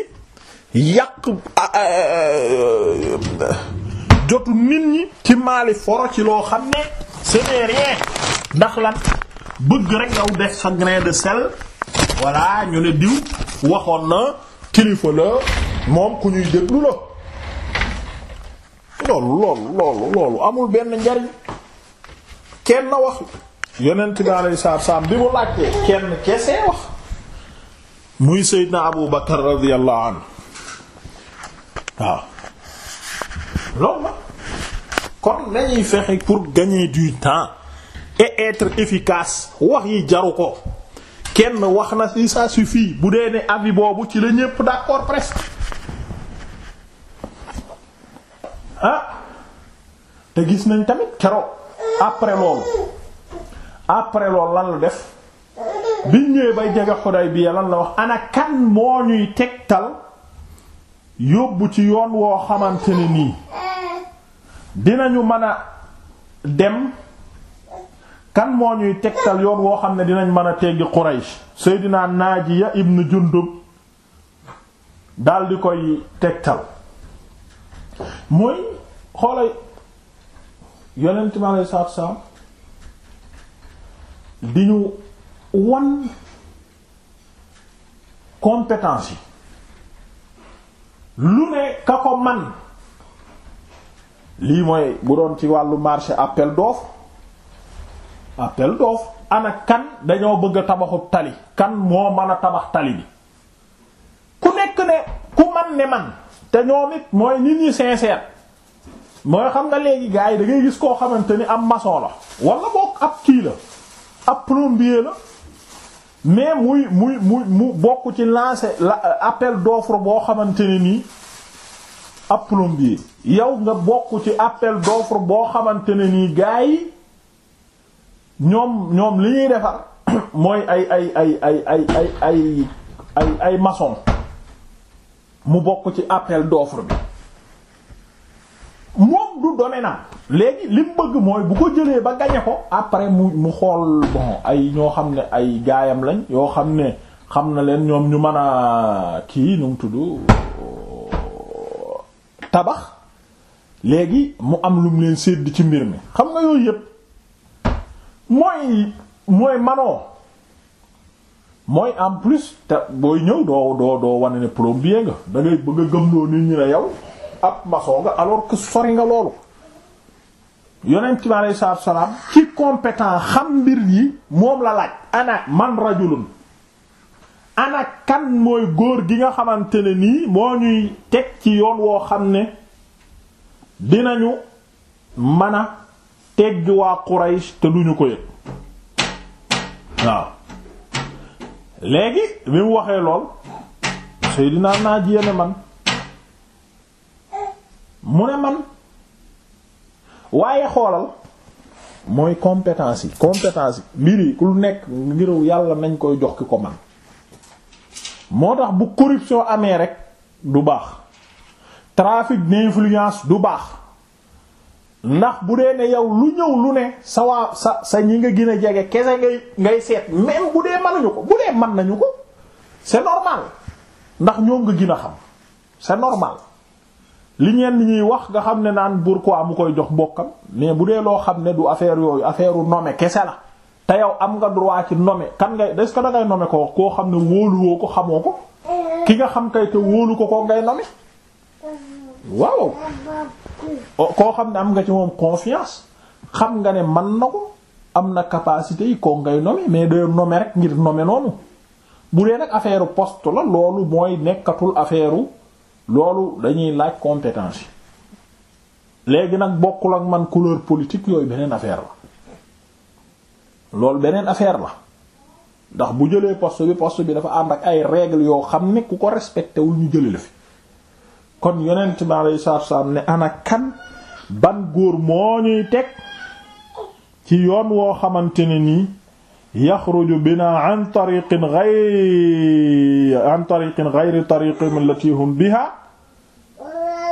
yàq jotu nit ñi ci maali foro ci loo xam ne ce n'est rien ndax lan bëgg rek def sa grain de sel voilà ñu ne diw waxoon na kilifa la moom ku ñuy déglu la loolu loolu loolu amul benn njariñ kenn na wax yonent bi alayhi salaam bi mu laajtee kenn kese wax muy Seydina Abu Bakar radiyallahu anhu waaw loolu la kon nañuy fexe pour gagner du temps et être wax yi jaru ko kenn wax na si ça suffit bu dee ne avis boobu ci la ñépp d'accord presque ah te gis nañ tamit keroog après loolu après loolu lan la def biñ ñëwee bay jege Xudaybiya lan la wax ana kan moo ñuy tegtal yóbbu ci yoon woo xamante ne nii dinañu mën a dem kan moo ñuy tegtal yoon woo xam ne dinañ mën a teggi Quraysh Seydina Naajiya ibnu Jundub daldi koy tegtal mooy xoolal yonent mi alayhi salaatu wa salaam wan competence yi lu ne ka ko man lii mooy bu doon ci wàllu marché appel d'offre appel d'offre ana kan dañoo bëgg a tabaxu tali kan moo mën a tabax tali bi ku nekk ne ku man ne man te ñoom it mooy nit ñi sincère mooy xam nga léegi gars yi da gis koo xamante ni am maçon la wala boog ab kii la ab plombier la mais muy muy muy mu bokk ci la appel d'offre boo xamante ne nii ab plombier yow nga bokk ci appel d'offre boo xamante ne nii gars yi ñoom ñoom li ñuy defar [COUGHS] mooy ay ay ay ay ay ay ay ay mu bokk ci appel d'offre bi moom du domaine am léegi li mu bëgg mooy bu ko jëlee ba gañe ko après mu mu xool bon ay ñoo xam ne ay gaayam lañ yoo xam ne xam na leen ñoom ñu mën a kii nu mu tudd tabax léegi mu am lu mu leen sédd ci mbir mi xam nga yooyu yépp mooy mooy manoo mooy en plus te booy ñëw doo doo doo wane ne plombier nga da ngay bëgg a gëmloo nit ñu ne yow ab maçon nga alors que sori nga loolu yonent ma aleyhi salaatu salaam ci compétent xam mbir yi moom la laaj ana man rajulun ana kan mooy góor gi nga xamante ne nii moo ñuy teg ci yoon woo xam ne dinañu mën a teggi waa Quraysh te lu ñu ko yëg waaw léegi bi mu waxee lool Seydina Naajiya ne man mu ne man waaye xoolal mooy compétence yi compétence yi mbir yi ku nekk ngiraw yàlla nañ koy jox ki ko man moo tax bu corruption amee rek du baax trafic d'influence du baax ndax bu dee ne yow lu ñëw lu ne sa waa sa sa ñi nga gin a jege kese ngay ngay seet même bu dee man ñu ko bu dee mën nañu ko c'est normal ndax ñoom nga gën a xam c'est normal li ñenn ñuy wax nga xam ne naan pourquoi mu koy jox mbokkam mais bu dee loo xam ne du affaire yooyu affaire u nome kese la te yow am nga droit ci nome kan ngay est-ce que da ngay nome koo xam ne wóoluwoo ko xamoo ko ki nga xam kay te wóolu ko ko ngay nome waaw koo xam ne am nga ci moom confiance xam nga ne man na ko am na capacité yi koo ngay nome mais day nome rek ngir nome noonu bu dee nag affaire poste la loolu mooy nekkatul affaire loolu dañuy laaj compétence yi léegi nag bokkul ak man couleur politique yooyu beneen affaire la loolu beneen affaire la ndax bu jëlee poste bi poste bi dafa ànd ak ay règles yoo xam ne ku ko respecté wul ñu jëlee la fi kon yonent bi alayhi salaatu salaam ne ana kan ban góor moo ñuy teg ci yoon woo xamante ne nii. yaxruju bina an tariqin ghayri an tariqin ghayri tariqin allati hum biha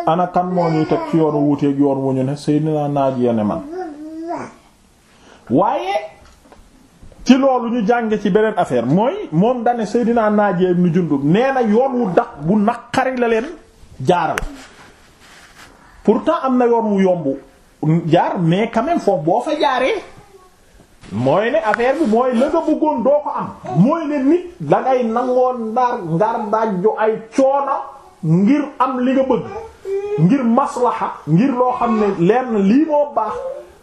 ana kan moo ñuy teg ci yoonu wuuteeg yoon wu ñu ne Seydina Naajiya ne man waaye ci loolu ñu jànge ci beneen affaire mooy moom dane Seydina Naajiya ibn Jundub nee na yoon wu dax bu naqari la leen jaaral pourtant am na yoon wu yomb jaar mais quand même foofu boo fa jaaree mooy ne affaire bi mooy la nga bëggoon doo ko am mooy ne nit dangay ngay nangoon ndaar ngar ay coono ngir am li nga bëgg ngir maslaha ngir loo xam ne lenn lii moo baax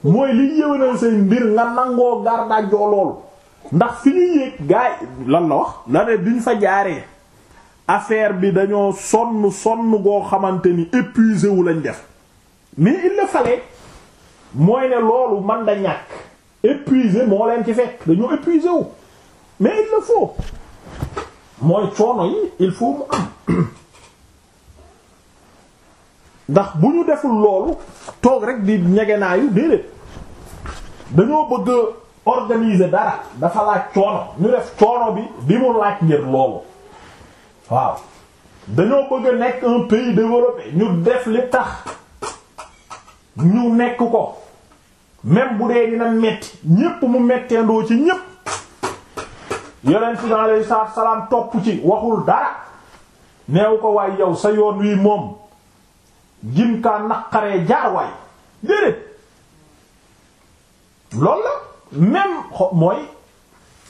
mooy li yëwénal say mbir nga nangoo ngar loolu ndax fi ñuy yéeg gaay lan la wax la ne duñ fa jaaree affaire bi dañoo sonn sonn goo xamante ni épuisé wu lañ def mais il le mooy ne loolu man da ñàkk épuisé moo leen ci fekk dañoo épuisé wu mais il le faut mooy coono yi il faut mu am ndax bu ñu deful loolu toog rek di ñegenaayu déedéet dañoo bëgg a organiser dara dafa laaj coono ñu def coono bi bi mu laaj ngir loolu waaw dañoo bëgg a nekk un pays développé ñu def li tax ñu nekk ko même bu dee dina metti ñépp mu metteendoo ci ñépp yonent bi alayhi salaam topp ci waxul dara neew ko waay yow sa yoon wi moom gin kaa naqaree jaar waay déedéet loolu la même mooy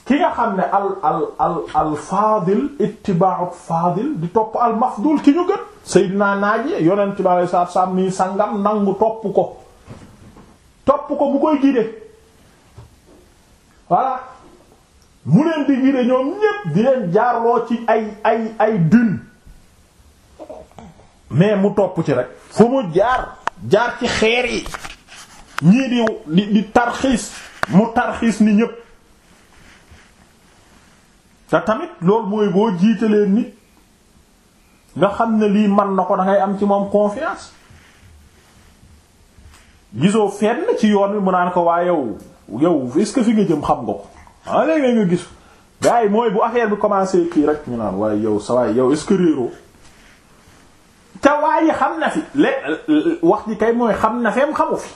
ki nga xam ne al al al al faadil ittibaa'u faadil di topp al mafdul ki ñu gën Seydina Naaji yonent bi alayhi salaatu salaam nii sangam nangu topp ko topp ko bu koy guider voilà mu leen di guider ñoom ñépp di leen jaarloo ci ay ay ay dune mais mu topp ci rek fu mu jaar jaar ci xeer yi ñii di di tarxiis mu tarxiis ni ñépp te tamit loolu mooy boo jiitalee nit nga xam ne lii man na ko da am ci moom confiance gisoo fenn ci yoon wi mu naan ko waaye yow yow est-ce que fi nga jëm xam nga ko ah léegi nga gis gars yi mooy bu affaire bi commencé kii rek ñu naan waaye yow sa waay yow est-ce que réeroo te waaye xam na fi lé wax ji kay mooy xam na fem xamu fi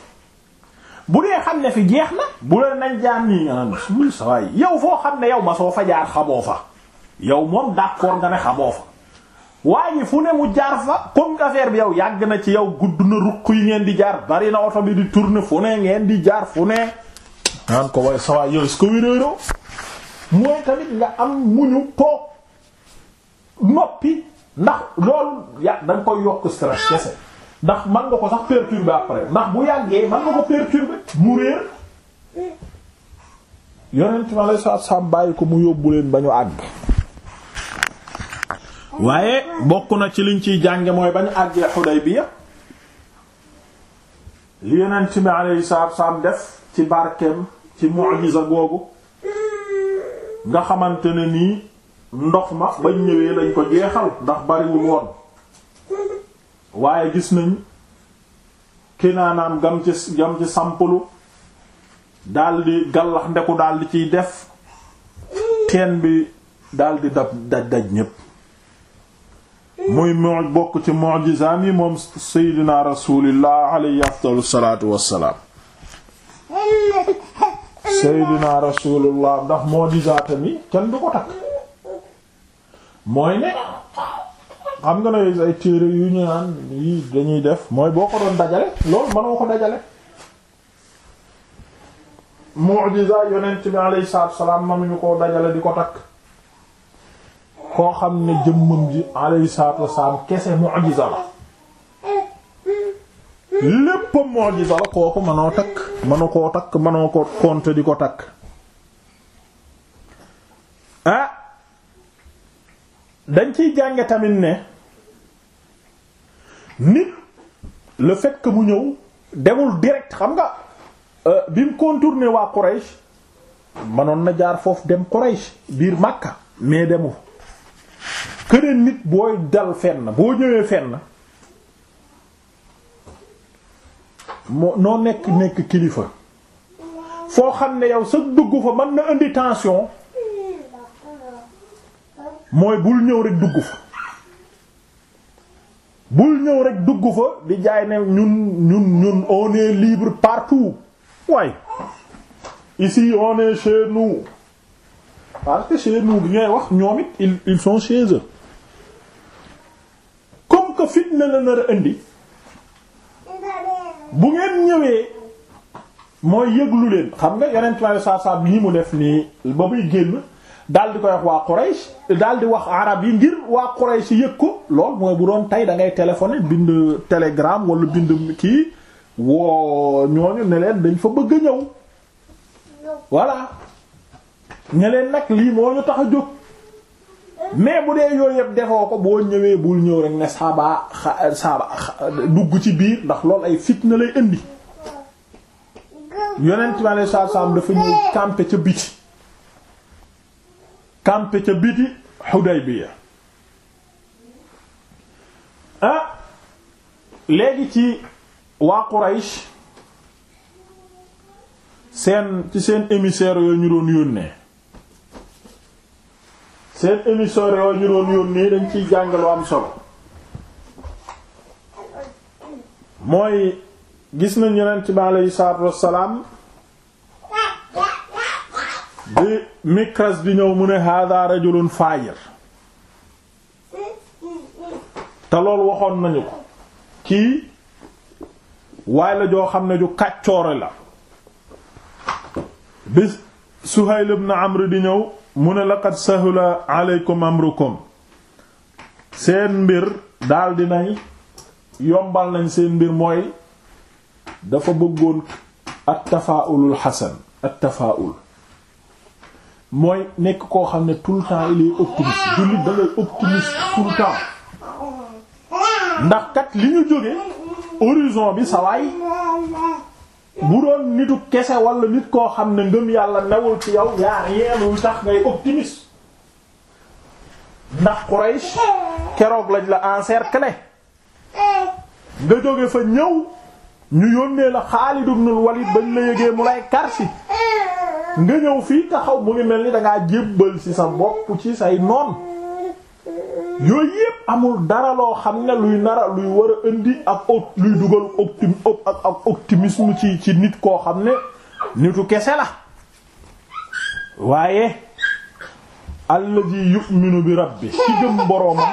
bu dee xam na fi jeex na bu la nañ jaar nii nga naan sa waay yow foo xam ne yow ma soo fa jaar xamoo fa yow moom d'accord nga ne xamoo fa waaye fu ne mu jaar fa comme affaire bi yow yàgg na ci yow gudd na ruq yi ngeen di jaar bari na oto bi di tourner fu ne ngeen di jaar fu ne naan ko way sawaay yooyu su ko wéréeroo mooy tamit nga am muñu toog noppi ndax loolu ya da nga koy yokk stress kese ndax man nga ko sax perturber après ndax bu yàggee mën nga ko perturber mu réer yonent mi alei salatu salaam bàyyi ko mu yóbbu leen ba ñu àgg waaye bokk na ci liñ ciy jànge mooy bañ àggee Xudaybiya li yonent bi alayhi salaatu wassalaam def ci barkeem ci mu'jiza googu nga xamante ne nii ndox ma bañ ñëwee lañ ko jeexal ndax bariwul woon waaye gis nañ kinaanaam gam ci gam ci sampulu daldi gallax ndeku daldi ciy def teen bi daldi dab daj daj ñépp muy mu bokk ci mu'jizaam yi moom seydina rasulillah alayhi afdalu salaatu wassalaam seydina rasulullah ndax mu'jizaatam yi kenn du ko takk mooy ne xam nga ne ay téere yu ñu naan yi dañuy def mooy boo ko doon dajale loolu mënoo ko dajale mu'jiza yonent bi alayhi salaatu wassalaam mënuñu koo dajale di ko takk koo xam ne jëmmam ji alayhi salaatu wasalaam kese mu'jiza la lépp mu'jiza la kooku mënoo takk mënoo koo takk mënoo ko compter di ko takk ah dañ ciy jànge tamit ne nit le fait que mu ñëw demul direct xam nga euh, bi mu contourner waa Quraysh mënoon na jaar foofu dem Quraysh biir Makka mais demu keneen nit booy dal fenn boo ñëwee fen moo noo nekk nekk kilifa foo xam ne yow sa dugg fa man na indi tension mooy bul ñëw rek dugg fa bul ñëw rek dugg fa di jaay ne ñun ñun ñun libre partout waaye ici on est parce que chez nous gi ngay wax ñoom it ils sont chez eux comme que fitna la nar indi bu ngeen ñëwee mooy yëglu leen xam nga yonent ma saa saa bi mu def nii ba muy génn dal di koy wax waa Quraysh daal di wax arab yi ngir waa Quraysh yëg ko lool mooy bu doon tey da ngay téléphoner bind télégramme wala bind kii woo ñooñu ne leen dañ fa bëgg ñëw voilà. ña nag lii moo ñu tax a jóg mais bu dee yooyu yëpp defoo ko boo ñëwee bul ñëw rek ne saaba saaba dugg ci biir ndax lool ay fitna lay indi yonent ma ne saab dafa ñëw campé ca biti campé ca biti Hudaybiya ah léegi ci waa Quraysh seen ci seen émissaire yooyu ñu doon yónnee seen émission yooyu ñu doon yónnee dañ ciy jàngalu am sol mooy gis na yonent bi aleyhi salaatu wassalaam bi Mikras di ñëw mu ne hada rajulun faajir te loolu waxoon nañu ko kii waaye la joo xam ne ju kàccoore la bi Suhayl ibn Amr di ñëw mu ne laqad sahula aleykum amrukum seen mbir daldi nañ yombal nañ seen mbir mooy dafa bëggoon at tafaaulul xasan at tafaaul mooy nekk koo xam ne tout le temps il est jullit da ngay optimiste temps ndax kat li ñu jóge horizon bi sawaay bu doon nitu kese wala nit koo xam ne ngëm yàlla newul ci yow yaa yeenu lu tax ngay optimiste ndax Quraysh keroog lañ la encercler nga jóge fa ñëw ñu yónnee la Xaalid ibnul Walid bañ la yëgee mu lay karsi nga ñëw fii taxaw mu ngi mel ni dangaa jébbal ci sa bopp ci say noon yooyu yépp amul dara loo xam ne luy nara luy war a indi ak ot luy dugal optim ak ak ci ci nit koo xam ne nitu kese la waaye ji yu'minu bi rab bi ci gëm boroomam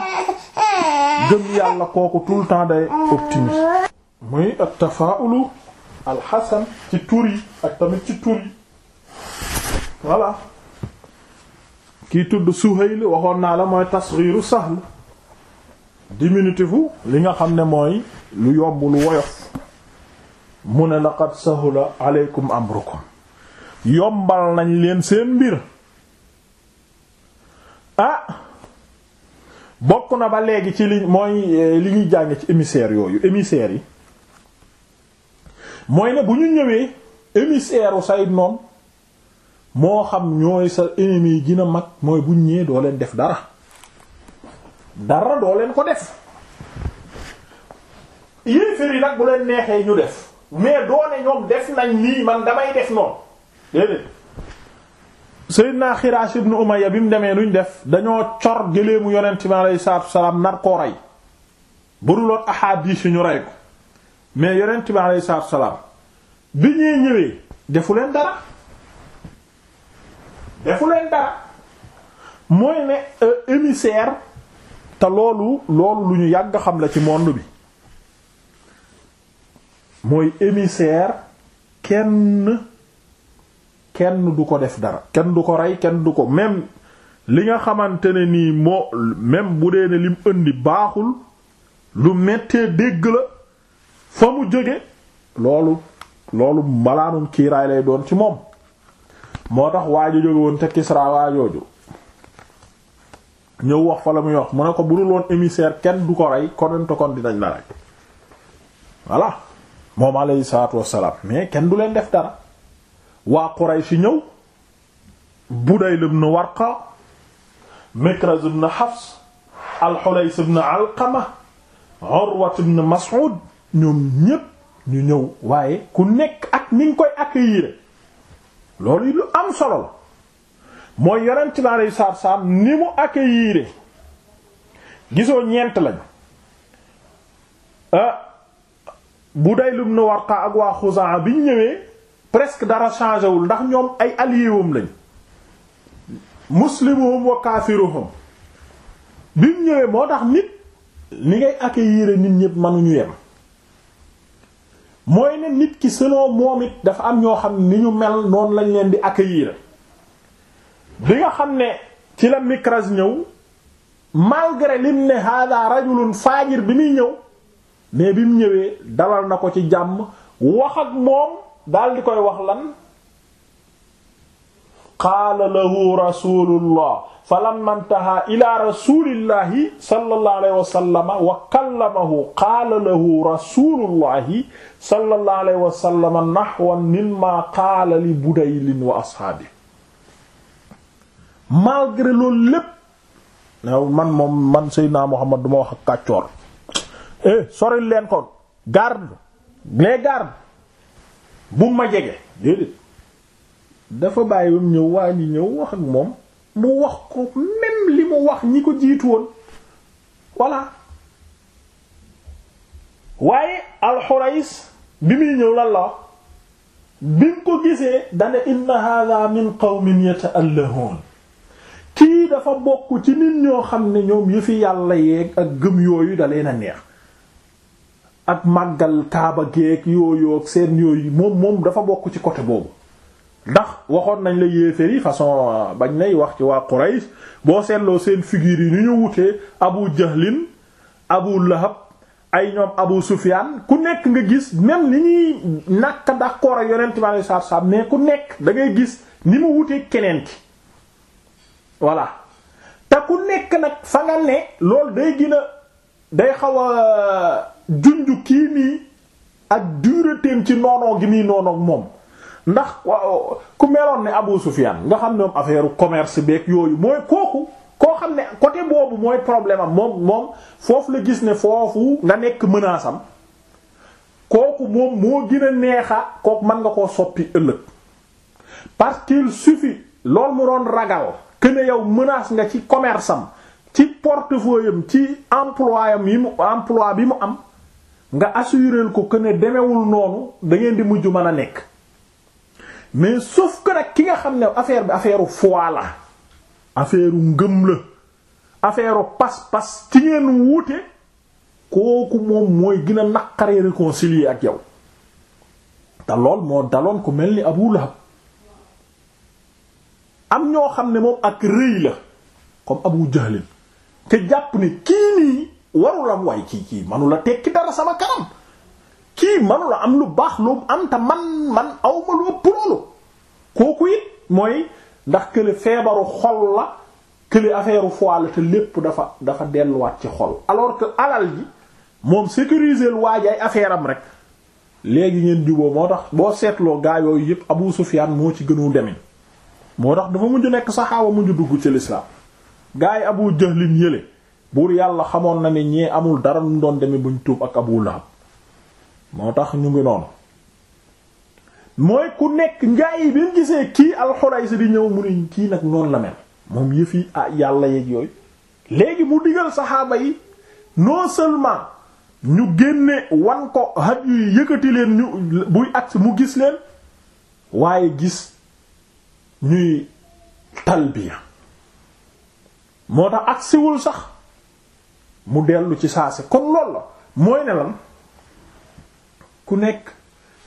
gëm yàlla kooku tout le temps day optimiste muy ak tafaulu alxasan ci tur yi ak tamit ci tur yi kii tudd Suhayl waxoon naa la mooy tasghiru sahl diminutif li nga xam ne mooy lu yomb lu woyof mu ne laqad sahula aleykum amrukum yombal nañ leen seen mbir ah bokk na ba léegi ci li mooy eh, li ñuy jàng ci émissaires yooyu émissaires yi mooy ne bu ñu ñëwee émissaire u say moo xam ñooy sa ennemis yi mag mooy buñ ñëwee doo leen def dara dara doo leen ko def yéefér yi nag bu leen neexee ñu def mais doone ñoom def nañ nii man damay def noonu déedéet Seydina Xiraas ibnu Umayya bi mu demee nuñ def dañoo cor gëléemu yonent bi alayhi salaatu wasalaam nar koo rey buruloon ahadis ñu rey ko mais yonent bi alayhi salaatu wasalaam bi ñuy ñëwee defu leen dara defu leen dara mooy ne euh, émissaire te loolu loolu lu ñu yàgg xam la ci monde bi mooy émissaire kenn kenn du ko def dara kenn du ko rey kenn du ko même li nga xamante ne nii moo même bu dee ne lim indi baaxul lu mettee dégg la fa mu jóge loolu loolu malaanum kiiraay lay doon ci moom moo tax waajo jóge woon te Kisra waajooju ñëw wax fa la muy wax mu ne ko bu dul woon émissaire kenn du ko rey konente kon dinañ la rey voilà moom alayhi salaatu wassalaam mais kenn du leen def dara waa fi ñëw Budayl ibn Warqa Mikraz ibn Hafs al-Hulays ibn Alqama Urwa ibn Mas'ud ñoom ñépp ñu ñëw waaye ku nekk ak ni nga koy accueillir loolu lu am solol la mooy yonent bi alayhi salaatu salaam ni mu accueillir gisoo ñeent lañu ah, Budayl ibn Warqa ak waa Xuzaa bi ñu ñëwee presque dara changé wul ndax ñoom ay allié lañ muslimuhum wa kaafiruhum bi ñu ñëwee moo tax nit ni ngay accueillir nit ñépp mënuñu yem mooy ne nit ki selon moom it dafa am ñoo xam ni ñu mel noonu lañ leen di accueillir bi nga xam ne ci la Mikraz ñëw malgré lim ne hada rajulun faajir bi muy ñëw mais bi mu ñëwee dalal na ko ci jàmm wax ak moom daal di koy wax lan qaala lahu rasulullah falamma ntaha ila rasulillahi sallallahu alayhi wa sallama wa kallamahu qaala lahu rasulullahi sallallahu alayhi wa sallama nahwan mimma qaala li Budaylin wa ashaabi malgré lépp man moom man Seydina Muhammad duma wax ak kàccoor eh leen ko garde les gardes bu ma jege dafa bàyyi ba mu ñëw waa ñi ñëw wax ak moom mu wax ko même li mu wax ñi ko jiitu woon voilà waaye alxurais bi muy ñëw lan la bi nga ko gisee dana inna hadha min qawmin yata'allahun kii dafa bokk ci nit ñoo xam ne ñoom fi yàlla yeeg ak gëm yooyu da leen a neex ak màggal kaaba geeg yooyu ak seen yooyu moom moom dafa bokk ci côté boobu ndax waxoon nañ la yéeféer yi façon euh, bañ lay wax ci waa Quraysh boo seetloo seen figure yi ni ñu wutee Abu Jahlin Abu Lahab ay ñoom Abu Sufyan ku nekk nga gis même ni ñuy nakka d'accord ak yonent bi alei satu salaam mais ku nekk da ngay gis ni mu wutee keneen ki voilà te ku nekk nag fa nga ne loolu day gën day xaw a junj kii nii ak duretéem ci noonoo gi muy noonoog moom ndax ku meloon ne Abu Sufyan nga xam ne affaire commerce beeg yooyu mooy kooku koo xam ne côté boobu mooy problème am moom moom foofu la gis ne foofu nga nekk menace kooku moom moo gën a neexa kooku mën nga koo soppi ëllëg parce qu'il suffit loolu mu doon ragal que ne yow menace nga ci commerce am ci portefeuille am ci emploi am yi mu emploi bi mu am nga assuré ko que ne demewul noonu da ngeen di mujj mën a nekk. mais sauf que nag ki nga xam ne affaire bi affaire foi la affaire ngëm la affaire pas-pas ci ngeen wuute kooku moom mooy gën naqaree réconcilier ak yow te lool moo daloon ku mel ni Abu Lahab am ñoo xam ne moom ak rëy la comme Abu Jahlin te jàpp ne kii nii warul am waay kii kii manu tekki dara sama kanam kii manula am lu baax lu am te man man awma lu ëpp loolu kooku it mooy ndax kële feebaru xol la kële affaire foi la te lépp dafa dafa delluwaat ci xol alors que alal ji moom sécuriser lu waaj ay affaire am rek léegi ngeen juboo moo tax boo seetloo gaa yooyu yépp Abu Sufyaan moo ci gënu demin moo tax dafa mujj nekk saxaaba mujj dugg ci lislaam gaa yi Abu Jahlin yële buur yàlla xamoon na ne ñee amul dara nu doon demee buñ tuub ak Abu Lahab moo tax ñu ngi noonu mooy ku nekk njaay bi mu gisee kii alxuraysi di ñëw mu ne kii nag noonu la mel moom yëfi ah yàlla yeeg yooyu léegi mu digal saxaaba yi non seulement ñu génne wan ko xaj yu yëkkati leen ñu buy agsi mu gis leen waaye gis ñuy talbiya moo tax agsiwul sax mu dellu ci saase kon lool la mooy ne ku nekk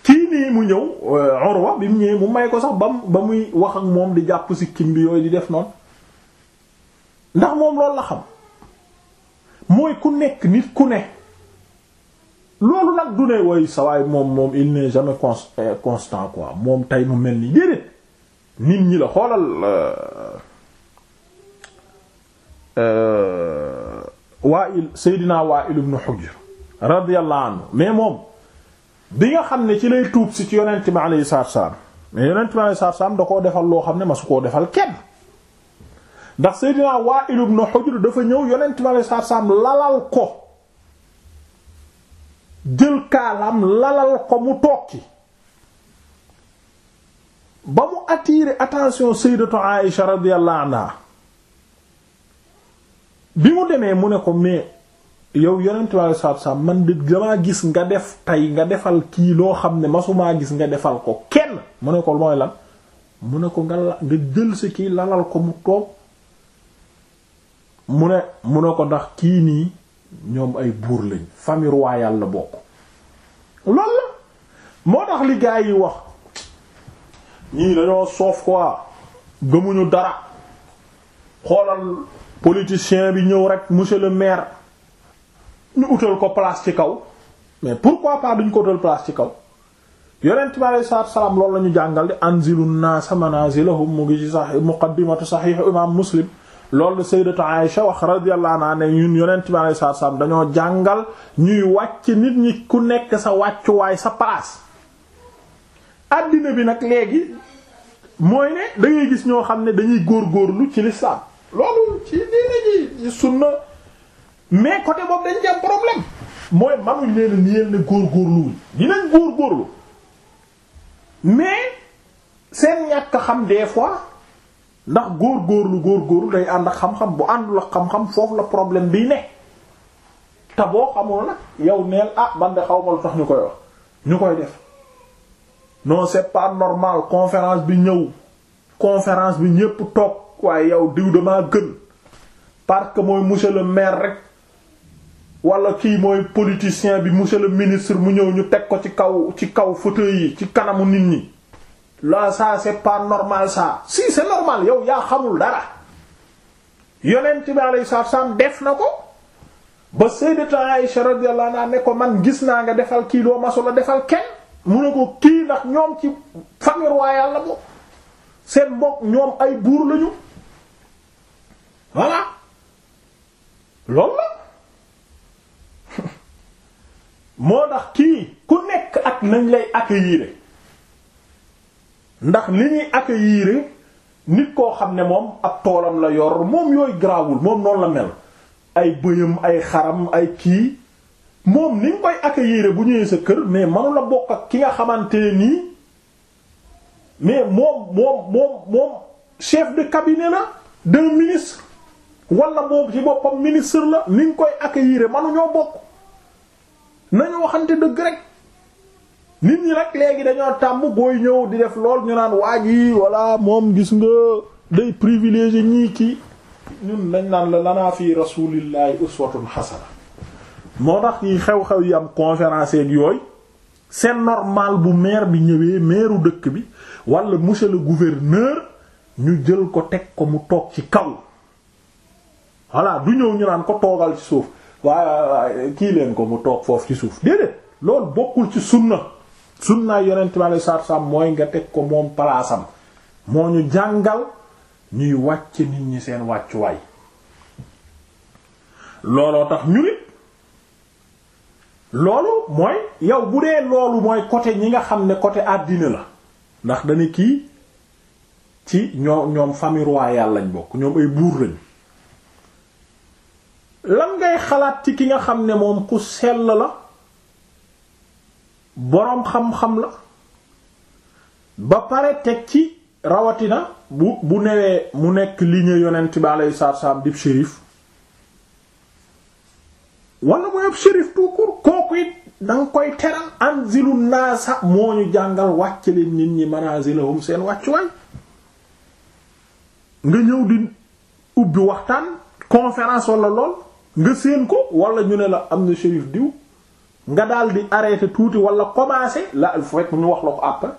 kii nii mu ñëw euh, Urwa bi mu ñëwee mu may ko sax ba ba muy wax ak moom di jàpp si kim bi yooyu di def noonu ndax moom loolu la xam mooy ku nekk nit ku ne loolu nag du ne way sawaay moom moom il n'est jamais euh, constant quoi moom tey mu mel ni déedéet nit ñi la xoolal euh, Wa'il Seydina Wa'il ibn Hujr radiyallahu anhu mais moom bi nga xam ne ci lay tuub si ci yonent bi alayhi salaatu salaam mais yonent bi alayhi salaatu salaam da koo defal loo xam ne ma su koo defal kenn ndax Seydina Wa'il ibn Hujr dafa ñëw yonent bi alayhi salaatu salaam lalal ko jël kaalam lalal ko mu toog ci ba mu attirer attention Sayyidatu Aïsha radiyallahu anha bi mu demee mu ne ko mais. yow yonent bi alei satu salaam man damaa gis nga def tey nga defal kii loo xam ne masumaa gis nga defal ko kenn mu ne ko mooy lan mu ne ko nga la nga jël kii lalal ko mu toog mu ne mu ne ko ndax kii nii ñoom ay buur lañ famille royale la bokk loolu moo tax li yi wax ñii dañoo soof quoi gëmuñu dara xoolal politicien bi ñëw rek monsieur le maire ñu utal ko place ci kaw mais pourquoi pas duñ ko utal place ci kaw yonent bi alayhi salaatu salaam loolu la ñu jàngal di anzilu naasa manaazilahum mu ngi ci sahih muqaddimatu sahih imaam muslim loolu sayyidatu Aisha wax radiyallahu anha ne ñun yonent bi alayhi salaatu salaam dañoo jàngal ñuy wàcc nit ñi ku nekk sa wàccuwaay sa place. addina bi nag léegi mooy ne da gis ñoo xam ne dañuy góorgóorlu ci lislaam loolu ci diine ji sunna mais côté boobu dañ ci problème mooy manuñ leen ni yéen ne góorgóorlu dinañ góorgóorlu mais seen ñàkk xam des fois ndax góor góorgóorlu day ànd ak xam-xam bu àndul ak xam-xam foofu la problème bi ne te boo xamul nag yow neel ah man de xaw ma lu tax ñu koy wax ñu koy def non c'est pas normal conférence bi ñëw conférence bi ñépp toog waaye yow diw damaa gën parce que mooy monsieur le maire rek. wala kii mooy politicien bi monsieur le ministre mu ñëw ñu teg ko ci kaw ci kaw fauteuil yi ci kanamu nit ñi la ça c'est pas normal ça si c'est normal yow yaa xamul dara yonent bi alayhi salaam def na ko ba sayyidatu Aisha radiyallahu anha ne ko man gis naa nga defal kii loo masula defal kenn mu ne ko kii ndax ñoom ci famille royale la bo seen mbokk ñoom ay buur lañu voilà loolu la moo tax kii ku nekk ak nañ lay accueillir ndax li ñuy accueillir nit koo xam ne moom ak toolam la yor moom yooyu garaawul moom noonu la mel ay bëyam ay xaram ay kii moom ni nga koy accueillir bu ñëwee sa kër mais manu la bokk ak ki nga xamante nii mais moom moom moom moom chef de cabinet la d'un ministre wala moom ci boppam ministre la ni nga koy accueillir manu ñoo bokk nañu waxante dëgg rek nit ñi nag léegi dañoo tàmm booy ñëw di def lool ñu naan waaj yi walla moom gis nga day privilégié ñii kii ñun lañ naan la lanaa fi rasulillahi uswatun hasana moo tax yi xew-xew yi am conférence ak yooyu c'est normal bu maire bi ñëwee maireu dëkk bi walla monsieur le gouverneur ñu jël ko teg ko mu toog ci kaw voilà du ñëw ñu naan ko toogal ci suuf waa kii leen ko mu toog foofu ci suuf déedéet lool bokkul ci sunna sunna yonent bi alayhi salaatu sam mooy nga teg ko moom palaasam moo ñu jàngal ñuy wàcc nit ñi seen wàccuwaay looloo tax ñu nit loolu mooy yow bu dee loolu mooy côté ñi nga xam ne côté àddina la ndax dañu kii ci ñoo ñoom famille royale lañ bokk ñoom ay buur lañ lan ngay xalaat ci ki nga xam ne moom ku sell la boroom xam-xam la ba pare teg ci rawatina bu bu newee mu nekk ligne yonent bi alayhi salaatu salaam dib shérif wala mooy ab shérif tout court kooku it danga koy teral anzilu naasa moo ñu jàngal wàcc nit ñi manazilahum seen wàccuwaay nga ñëw di ubbi waxtaan conférence wala lool nga séen ko wala ñu ne la am na shérif diw nga daal di arrêté tuuti wala commencé la fekk ñu wax la ko après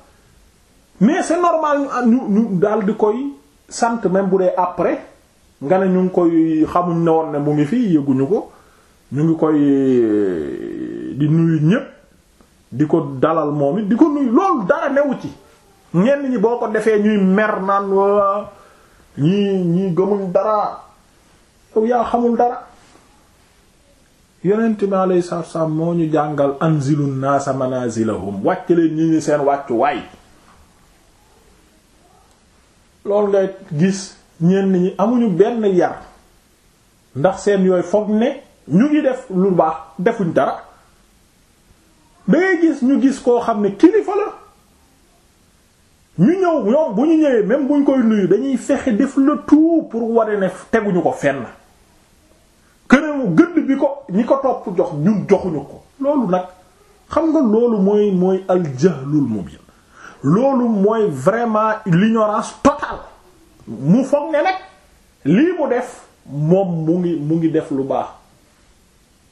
mais c'est normal ñu ñu daal di koy sant même bu dee après nga ne ñu ngi koy xamuñ ne woon ne mu ngi fii yëguñu ko ñu ngi koy euh, di nuyu ñépp di ko dalal moom it di ko nuyu loolu dara newu ci ngen ñi boo ko defee ñuy mer naan ñi ñi gëmuñ dara yow yaa xamul dara yonent bi alayhi salaatu wa moo ñu jàngal anzilu naasa manaazilahum wàcc leen ñi ñi seen wàccu waay loolu ngay gis ñenn ñi amuñu benn yar ndax seen yooyu foog ne ñu ngi def lu baax defuñ dara dangay gis ñu gis koo xam ne kilifa la ñu ñëw ñoom bu ñu ñëwee même buñ koy nuyu dañuy fexe def le tout pour ware ne teguñu ko fenn kënewu gëdd bi ko ñi ko topp jox ñun joxuñu ko loolu nag xam nga loolu mooy mooy aljahlul mubin loolu mooy vraiment l'ignorance totale mu foog ne nag lii mu def moom mu ngi mu ngi def lu baax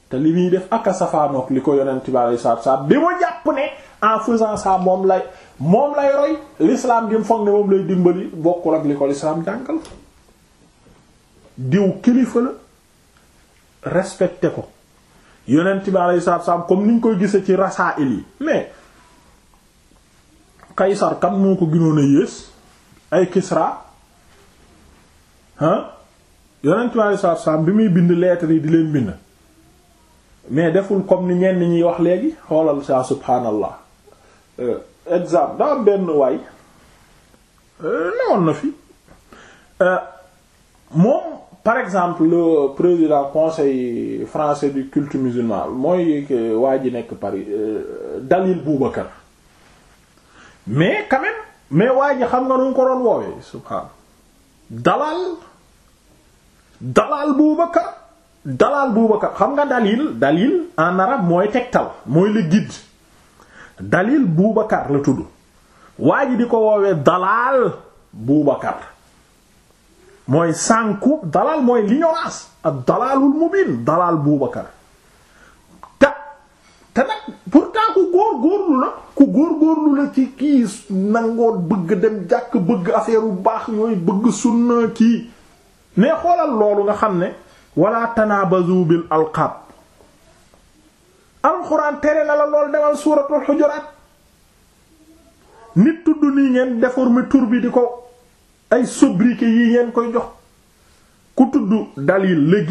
te li muy def ak safaanoog li ko yonent bi alei satu salaam bi mu jàpp ne en faisant ça moom lay moom lay roy l'islam gi mu foog ne moom lay dimbali bokkul ak li ko l'islam jàngal diw kilifa la respecté ko yonent bi alayhi salaatu salaam comme niñ koy gisee ci rasaa'il yi mais Kaysar kan moo ko gënoon a yées ay Kisra ah bi alayhi salaatu bi muy bind lettres yi di leen bind mais deful comme ni ñenn ñiy wax léegi xoolal saa subhaanallah euh, exemple daa am benn waay euh, newoon na fi euh, moom. par exemple le président conseil français du culte musulman mooy euh, waa ji nekk Paris euh, Dalil Boubacar mais quand mais waa ji xam nga nu ko doon woowee subhaana dalal dalal Boubacar dalal Boubacar xam nga Dalil Dalil en arabe mooy tegtal mooy le Dalil Boubacar la tudd waa ji di ko woowee dalal Boubacar mooy sànku dalal mooy l'ignorance ak dalalul mubin dalal buubakar te te nag pourtant ku góor góorlu la ku góor góorlu la ci kii nangoon bëgg dem jàkk bëgg affaire bu baax ñooy bëgg sunna kii mais xoolal loolu nga xam ne wala tanabazu bil alqab alxuraan tere na la lool demal suuratul xujuraat nit tudd nii ngeen déformer tur bi di ko ay sobriquet yi ngeen koy jox ku tudd dalil le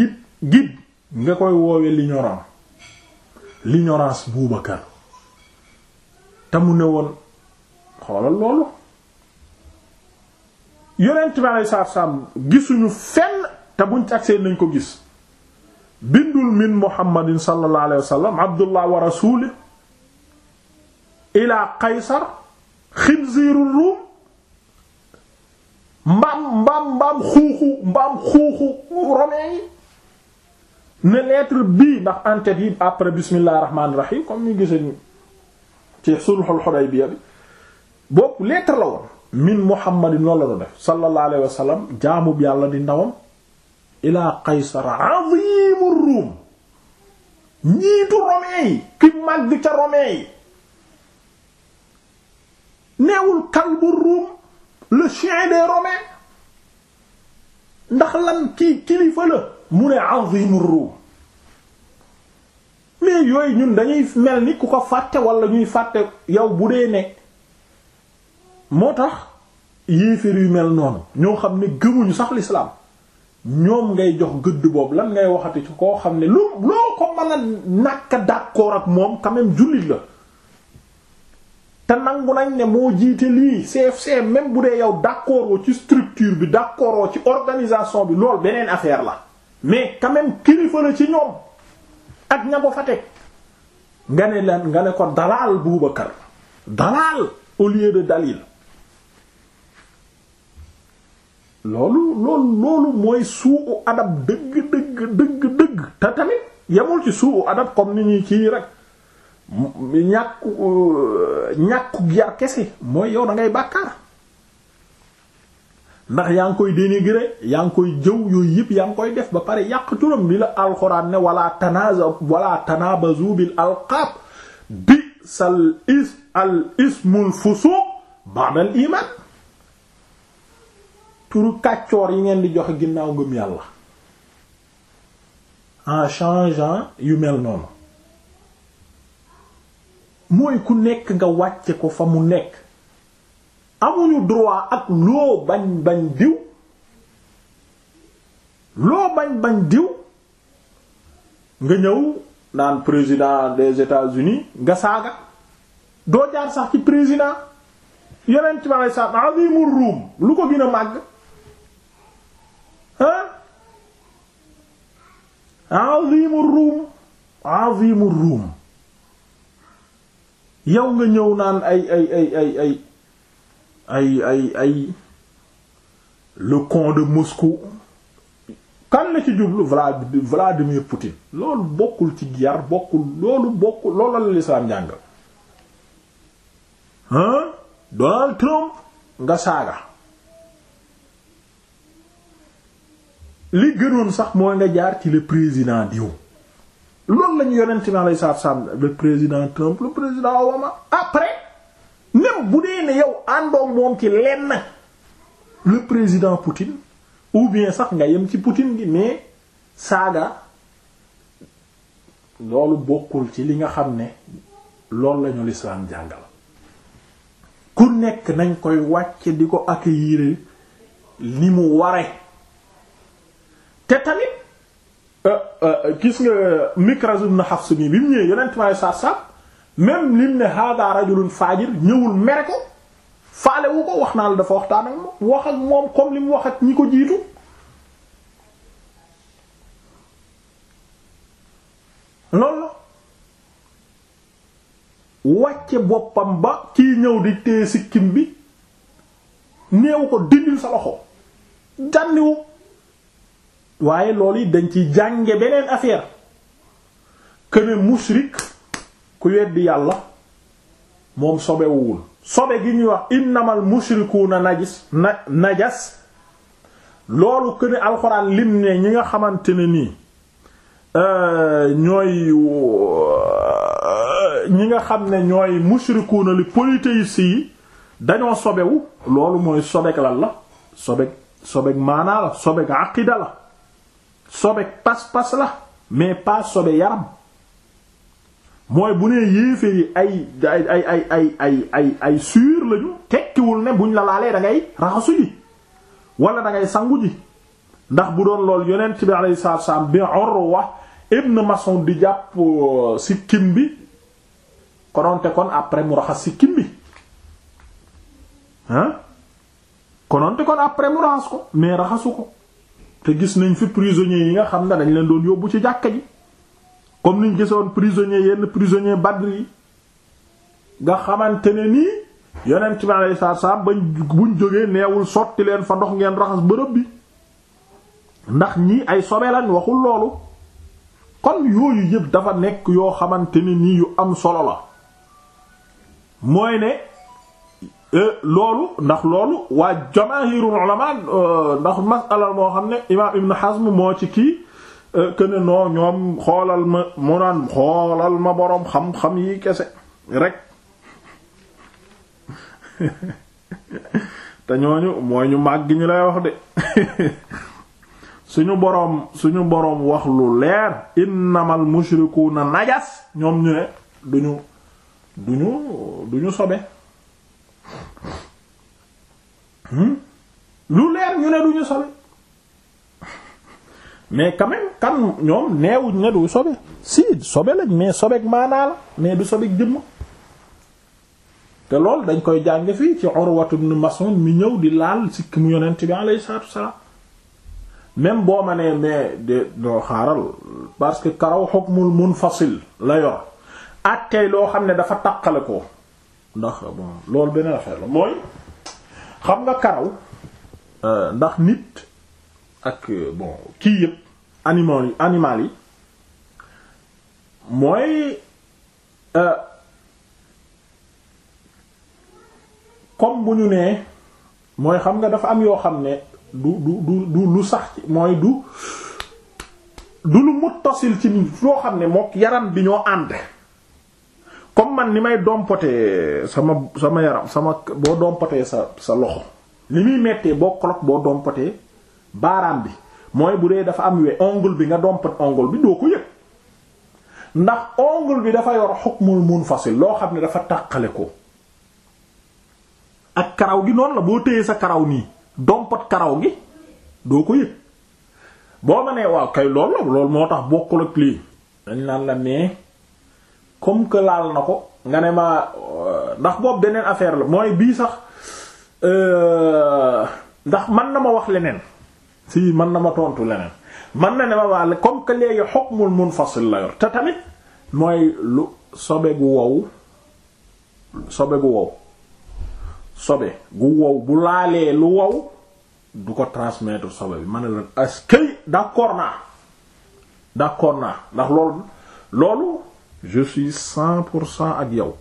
guide nga koy woowe l'ignorant l'ignorance Boubacar te mu ne woon xoolal loolu yonent bi alei saatu gisuñu fenn te buñ ci agsee nañ ko gis bindul min muhammadin sallallahu alayhi wa sallam abdullah wa rasuli ila qaysar xinziirul mbaam mbaam mbaam xuuxu mbaam xuuxu romain yi ne lettre bii ndax en yi après bismillahir rahmanir rahim comme ñu gise ni ci sulhul Hudaybiya bi bopp lettre la woon min Muhammadin loolu la doon def sallallahu alayhi wa sallam jaamub yàlla di ndawam ila Qaysar azimur Rum njiitu romain yi ki màgg ca romain yi neewul kalbu Rum le chien des Romains ndax lan kii kilifa la mu ne azimur ruum mais yooyu ñun dañuy mel ni ku ko fàtte walla ñuy fàtte yow bu dee ne moo tax yéeféer yu mel noonu ñoo xam ne gëmuñu sax lislaam ñoom ngay jox gëdd boobu lan ngay waxati ci koo xam ne lu loo ko mën a nakk d'accord ak moom quand même jullit la te nangu nañ ne moo jiite lii CFC même bu dee yow d'accord ci structure bi d'accord ci organisation bi lool beneen affaire la mais quand kilifa la ci ñoom ak ña ko fa teg nga ne lan nga ne ko dalaal Boubacar dalaal au de dalil loolu loolu loolu mooy suu adab dëgg dëgg dëgg dëgg te tamit yemul ci suu adab comme ni ñuy kii rek ñàkku euh, ñàkku yar kese mooy yow da ngay bàkkaar ndax yaa ngi koy dénigrer yaa ngi koy jëw yooyu yëpp yaa ngi koy def ba pare yàq turam bi la alxuraan ne wala tanaza wala tanabazu bil alqaab bi sal is al ismul fusuuq ba'dal iman turu kàccoor yi ngeen di joxe ginnaaw ngëm yàlla en changeant yu mel noonu mooy ku nekk nga wàcce ko fa mu nekk amuñu droit ak loo bañ bañ diw loo bañ bañ diw nga ñëw naan président des États-Unis nga saaga doo jaar sax ci président yeneen ci ma sa azimur ruum lu ko gën a màgg ah azimur ruum azimur ruum yow nga ñëw naan ay ay ay ay ay ay ay le con de Moscou kan la ci jublu Vladimir Poutine loolu bokkul ci yar bokkul loolu bokkul loolu la lislaam jàngal hein Donald Trump nga saaga li gënoon sax mooy nga jaar ci le président diw noonu lañu yonent bi alayhi salaatu salaam le président Trump le président Obama après même bu dee ne yow àndoog moom ci lenn le président Poutine ou bien sax nga yem ci Poutine gi mais saaga loolu bokkul ci li nga xam ne loolu lañu lislaam jàngal ku nekk nañ koy wàcce di ko accueillir ni mu ware te tamit Euh, euh, gis nga Mikraz ibn Hafs bi mu ñëwee yonent ma saab saab même lim ne hada rajulun faajir ñëwul mere ko ko wax naa la dafa waxtaan ak moom wax ak moom comme li mu wax ak ñi ko jiitu loolu la wàcce boppam ba kii ñëw di téye sikkim bi néew ko dindil sa loxo jànniwu waaye loolu it dañ ci jànge beneen affaire que ne mushrik ku weddi yàlla moom sobewul sobe gi ñuy wax innamal mushrikuuna najis na najas loolu que alxuraan lim ne ñi nga xamante ne nii euh, ñooy euh, ñi nga xam ne ñooy mushrikuuna li polythéistes yi dañoo sobewu loolu mooy sobek lan la sobek sobek maanaa la sobek aqida la sobe pas-pas la mais pas sobe yaram mooy bu nee yéeféer ay ay ay ay ay ay ay ay suur lañu tekkiwul ne buñ la dangay raxasu ji wala da sangu ji ndax bu doon lool yonent bi alayhi salaatu wasallam bi wa ibn Mas'ud di jàpp euh, sikkim bi kononte kon après mu raxas sikkim bi ah kononte kon après mu raxas ko mais raxasu ko te gis nañ fi prisonniers yi nga xam ne dañ leen doon yóbbu ci jàkka ji comme niñ gisoon prisonniers yenn prisonniers Badr yi nga xamante ne nii yeneen bi alayhi salaatu salaam bañ buñ jógee neewul sotti leen fa ndox ngeen raxas bërëb bi ndax ñii ay sobe lañ waxul loolu kon yooyu yëpp dafa nekk yoo xamante ne nii yu am solo la mooy ne Euh, loolu ndax loolu waa jamaahirul ulama euh, ndax masala moo xam ne imaam Ibn Hazm moo ci kii këne euh, noo ñoom xoolal ma mu naan xoolal ma boroom xam-xam yi kese rek [LAUGHS] te ñooñu mooy ñu màgg ñu lay wax de [LAUGHS] suñu boroom suñu boroom wax lu leer innamal mushrikuuna najas ñoom ñu ne duñu duñu duñu sobe Hmm? lu leer ñu ne duñu sobe mais quand même kan ñoom neewuñ ne du sobe si sobe lañ mais sobeek maanaa la mais du sobeek jëmm te loolu dañ koy jàng fii ci Urwatu ibn Mas'ud mi ñëw di laal sikki mu yonent bi alayhi salaatu wassalaam même boo ma nee mais de doo xaaral parce que karaw hukmul munfasil la yor attey loo xam ne dafa taqale ko ndax bon loolu beneen affaire la mooy xam nga karaw euh, ndax nit ak euh, bon kii yëpp animal yi mooy euh, comme bu ñu nee mooy xam nga dafa am yoo xam ne du du du lu sax ci mooy du du lu muttasil ci loo xam ne mook yaram bi ñoo ànd comme man ni may dompotee sama sama yaram sama boo dompotee sa sa loxo li muy mettee boo boo dompotee baaraam bi mooy bu dee dafa am we ongle bi nga dompat ongle bi doo ko yëg ndax ongle bi dafa yor xukmul munfasil loo xam ne dafa tàqale ko ak karaw gi noonu la boo téyee sa karaw nii dompat karaw gi doo ko yëg boo ma nee waaw kay loolu la loolu moo tax bokkul lii dañ naan la mais comme que laal na ko nga ne ma euh, ndax boobu beneen affaire la mooy bii sax euh, ndax man na ma wax leneen si man na ma tontu leneen man na ne ma wàll comme que léegi hukmul munfasil la yor te tamit mooy lu sobe gu wow sobe gu wow sobe gu wow bu laalee lu wow du ko transmettre sobe bi ma ne la askay d'accord naa d'accord naa ndax loolu loolu je suis cent pour cent ak yow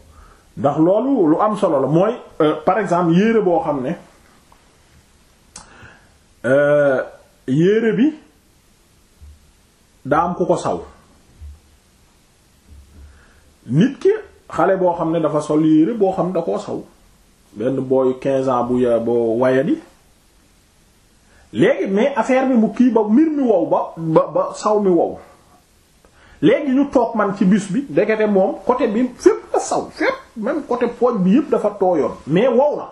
ndax loolu lu am solo la mooy euh, par exemple yére boo xam ne euh, yére bi daa am ku ko saw nit ki xale boo xam ne dafa sol yére boo xam ne da koo saw benn booy quinze ans bu ya boo wayadi léegi mais affaire bi mu kii ba mbir mi wow ba ba ba saw mi wow léegi ñu toog man ci bus bi ndekete moom côté bi fépp la saw fépp même côté pooj bi yëpp dafa tooyoon mais wow na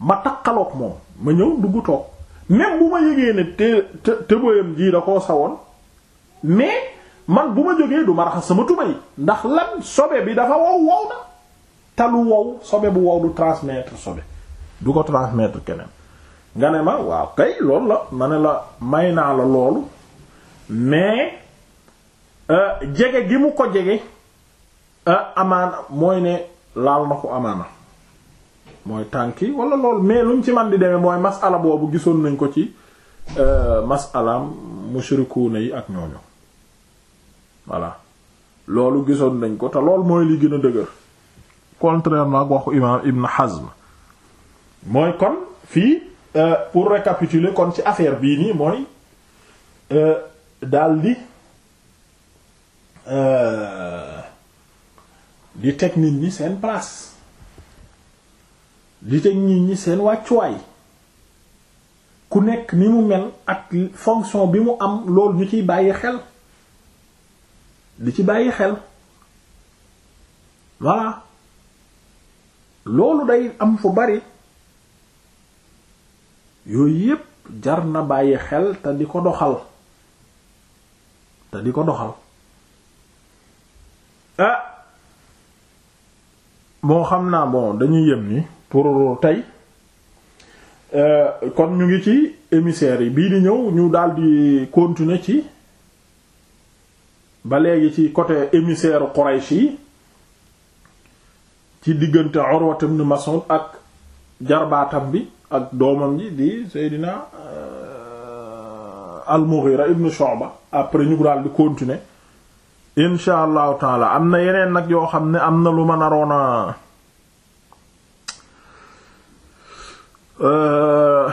ma takkaloog moom ma ñëw dugg toog même bu ma yëgee ne te tëbëyam jii da ko sawoon mais man bu ma jógee du ma raxas sama tubay ndax lan sobe bi dafa wow wow na te wow sobe bu wow du transmettre sobe du ko transmettre keneen nga ne ma waaw kay loolu la ma ne la may naa la loolu mais. Euh, jege gi mu ko jege euh, amaana mooy ne laal na ko amaana mooy tànk yi wala lool mais luñ ci man di demee mooy masala boobu gisoon nañ ko ci euh, masalaam mushrikuuna yi ak ñooñu voilà loolu gisoon nañ ko te lool mooy li gën a dëgër contrairement ak waxu imaam Ibn Hazm mooy kon fii pour récapituler kon ci affaire bii nii mooy daldi Euh, di teg nit ñi seen place di teg nit ñi seen wàccuwaay ku nekk ni mu mel ak fonction bi mu am loolu ñu ciy bàyyi xel di ci bàyyi xel waa loolu day am fu bari yooyu yépp jar na bàyyi xel te di ko doxal te di ko doxal ah moo xam naa bon dañuy yem ni pour tey euh, kon ñu ngi ci émissaires yi bii di ñëw ñu daldi continuer ci ba léegi ci côté émissaire Quraysh yi ci diggante Urwa ibn ak jarbaatam bi ak doomam ji di Seydina euh, al-Mughira ibn Shu'ba après ñu daldi continuer insha allahu am na yeneen nag yoo xam ne am na lu ma naroon a euh,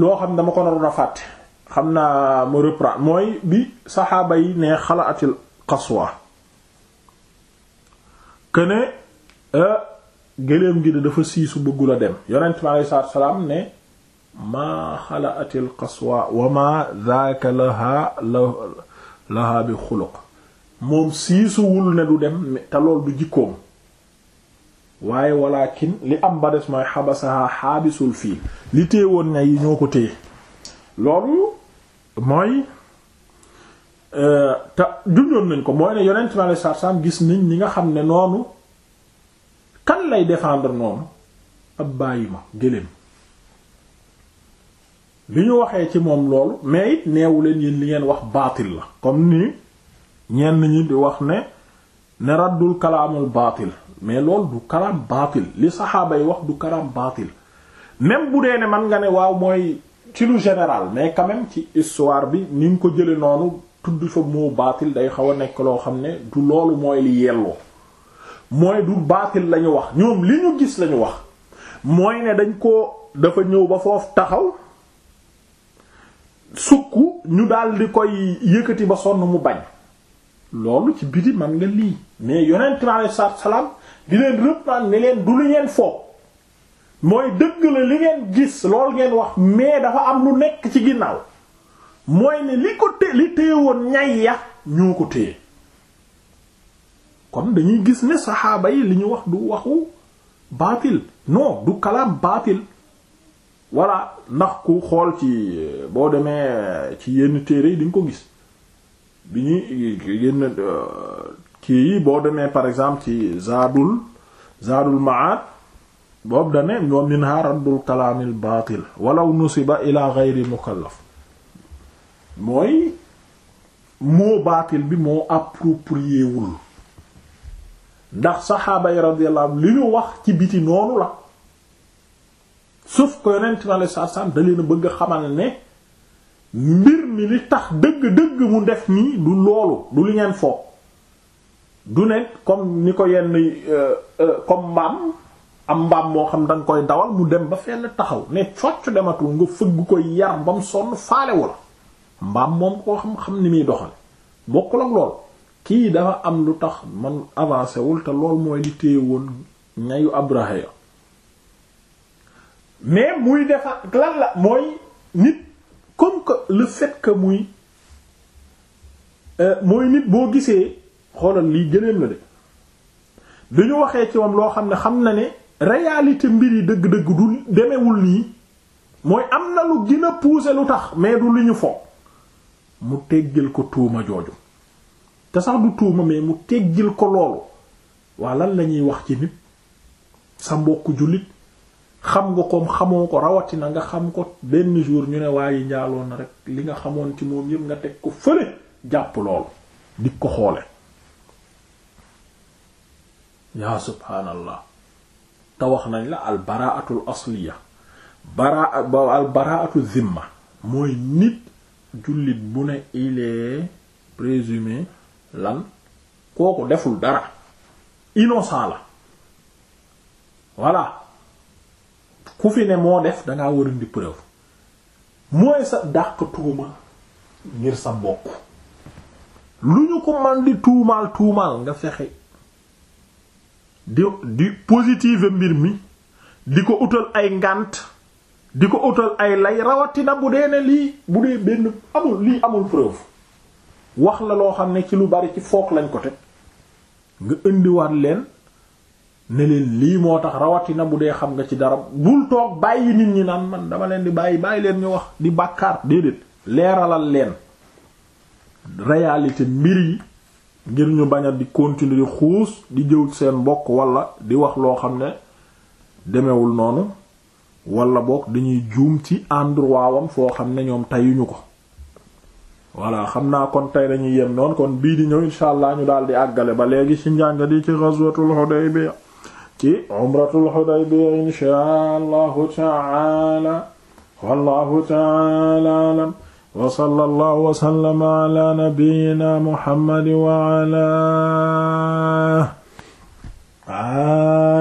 loo xam ne dama ko naroon fàtte xam naa mu reprendre mooy bi saxaaba yi ne xalaatil qaswa këne euh, géléem gi de dafa siisu bëggul a dem yonent bi aleyhi salaam ne maa xalaatil qaswa wa ma zaaka laha la lahaa bi xuluq moom siisuwul ne du dem te lool du jikkoom waaye walakin li am ba des mooy xabasaha xaabisul fii li téewoon ña yi ñoo ko téye loolu mooy euh, te junjoon nañ ko mooy ne yonent mi alayhi salaatu gis nañ ñi nga xam ne noonu kan lay défendre noonu ab bàyyi ma gëléem li ñu waxee ci moom loolu mais it neewu leen yéen li ngeen wax baatil la comme ni ñenn ñi di wax ne ne raddul kalaamul baatil mais loolu du kalaam baatil li saxaabay wax du kalaam baatil même bu dee ne man nga ne waaw mooy ci lu général mais quand ci histoire bi ni nga ko jële noonu tudd fa moo baatil day xaw a nekk loo xam ne du loolu mooy li yelloo mooy du baatil lañu wax ñoom li ñu gis la wax mooy ne dañ ko dafa ñëw ba foofu taxaw sukk ñu daldi koy yëkkati ba sonn mu bañ loolu ci biti man nga lii mais yonent mi alei salaatu salaam di leen reprendre ne leen du li ngeen foog mooy dëgg la li ngeen gis loolu ngeen wax mais dafa am lu nekk ci ginnaaw mooy ne li ko té li téye woon ñay ya ñoo ko téye kon dañuy gis ne saxaaba yi li ñu wax du waxu baatil non du kalaat baatil voilà ndax ku xool ci boo demee ci yenn téere yi di nga ko gis bi ñuy yenn euh, kii yi boo demee par exemple ci Zadul Zadul Ma'ad boobu da ne ñoom minha baatil walaw nusiba ila ghayri mukallaf mooy moo baatil bi moo approprié ndax saxaaba yi radiyallahu li ñu wax ci biti noonu la. sauf que yonent mi alei da leen bëgg a ne mbir mi li tax dëgg-dëgg mu def nii du loolu du li ngeen foo du ne comme ni ko yenn euh, euh, comme mbaam am mbaam moo xam danga koy dawal mu dem ba fenn taxaw ne cocc dematul nga fëgg koy yar ba mu sonn faalewu la mbaam moom koo xam xam ni muy doxal bokkul ak lool kii dafa am lu tax man avancé wul te lool mooy li téye woon ñayu Abraha mais muy defa lan la mooy nit comme que le fait que muy euh, mooy nit boo gisee xoolal lii gëneem la de duñu waxee ci moom loo xam ne xam na ne réalité mbir yi dëgg-dëgg du demewul nii mooy am na lu gën a lu tax mais du lu ñu fo mu teggil ko tuuma jooju te sax du tuuma mais mu teggil ko loolu waa lan la ñuy wax ci nit sa mbokku jullit xam nga koom xamoo ko rawatina nga xam ko benn jour ñu ne waaye njaaloon na rek li nga xamoon ci moom yëpp nga teg ko fële jàpp loolu di ko xoole yaa subhaanallah te wax nañ la al baraatul asliya bara al baraatul zimma mooy nit jullit bu ne il présumé lan kooku deful dara innocent la voilà ku fi ne moo def dangaa war indi mooy sa dàq tuuma ngir sa bokk lu ñu ko man di tuumaal tuumaal nga fexe di di positive mbir mi di ko utal ay ngànt di ko utal ay lay rawatina bu dee ne lii bu dee benn amul lii amul preuve wax la loo xam ne ci lu bari ci foog lañ ko teg nga indiwaat leen ne leen lii moo tax rawatina bu dee xam nga ci dara bul toog bàyyi nit ñi naan man dama leen di bàyyi bàyyi leen ñu wax di bàkkaar déedéet leeralal leen réalité mbir yi ngir ñu bañ a di continuer di xuus di jëw seen mbokk wala di wax loo xam ne demewul noonu wala boog dañuy juum ci endroit waawam foo xam ne ñoom teyuñu ko voilà xam naa kon tey dañuy yem noonu kon bii di ñëw incha ñu daal di àggale ba léegi ci njàng di ci ghazwatul Hudaybiya ci umratul Hudaybiya inshaa Allahu ta'aala wallahu ta'aala a'lam wa sallallahu wa sallama ala nabiyyina Muhammad wa ala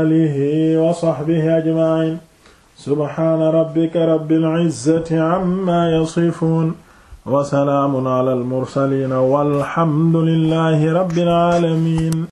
alihi wa sahbihi ajma'in subhaana rabbika rabbil izzati amma yasifuun wa salaamun ala al mursaliin walhamdulillahi rabbil aalamiin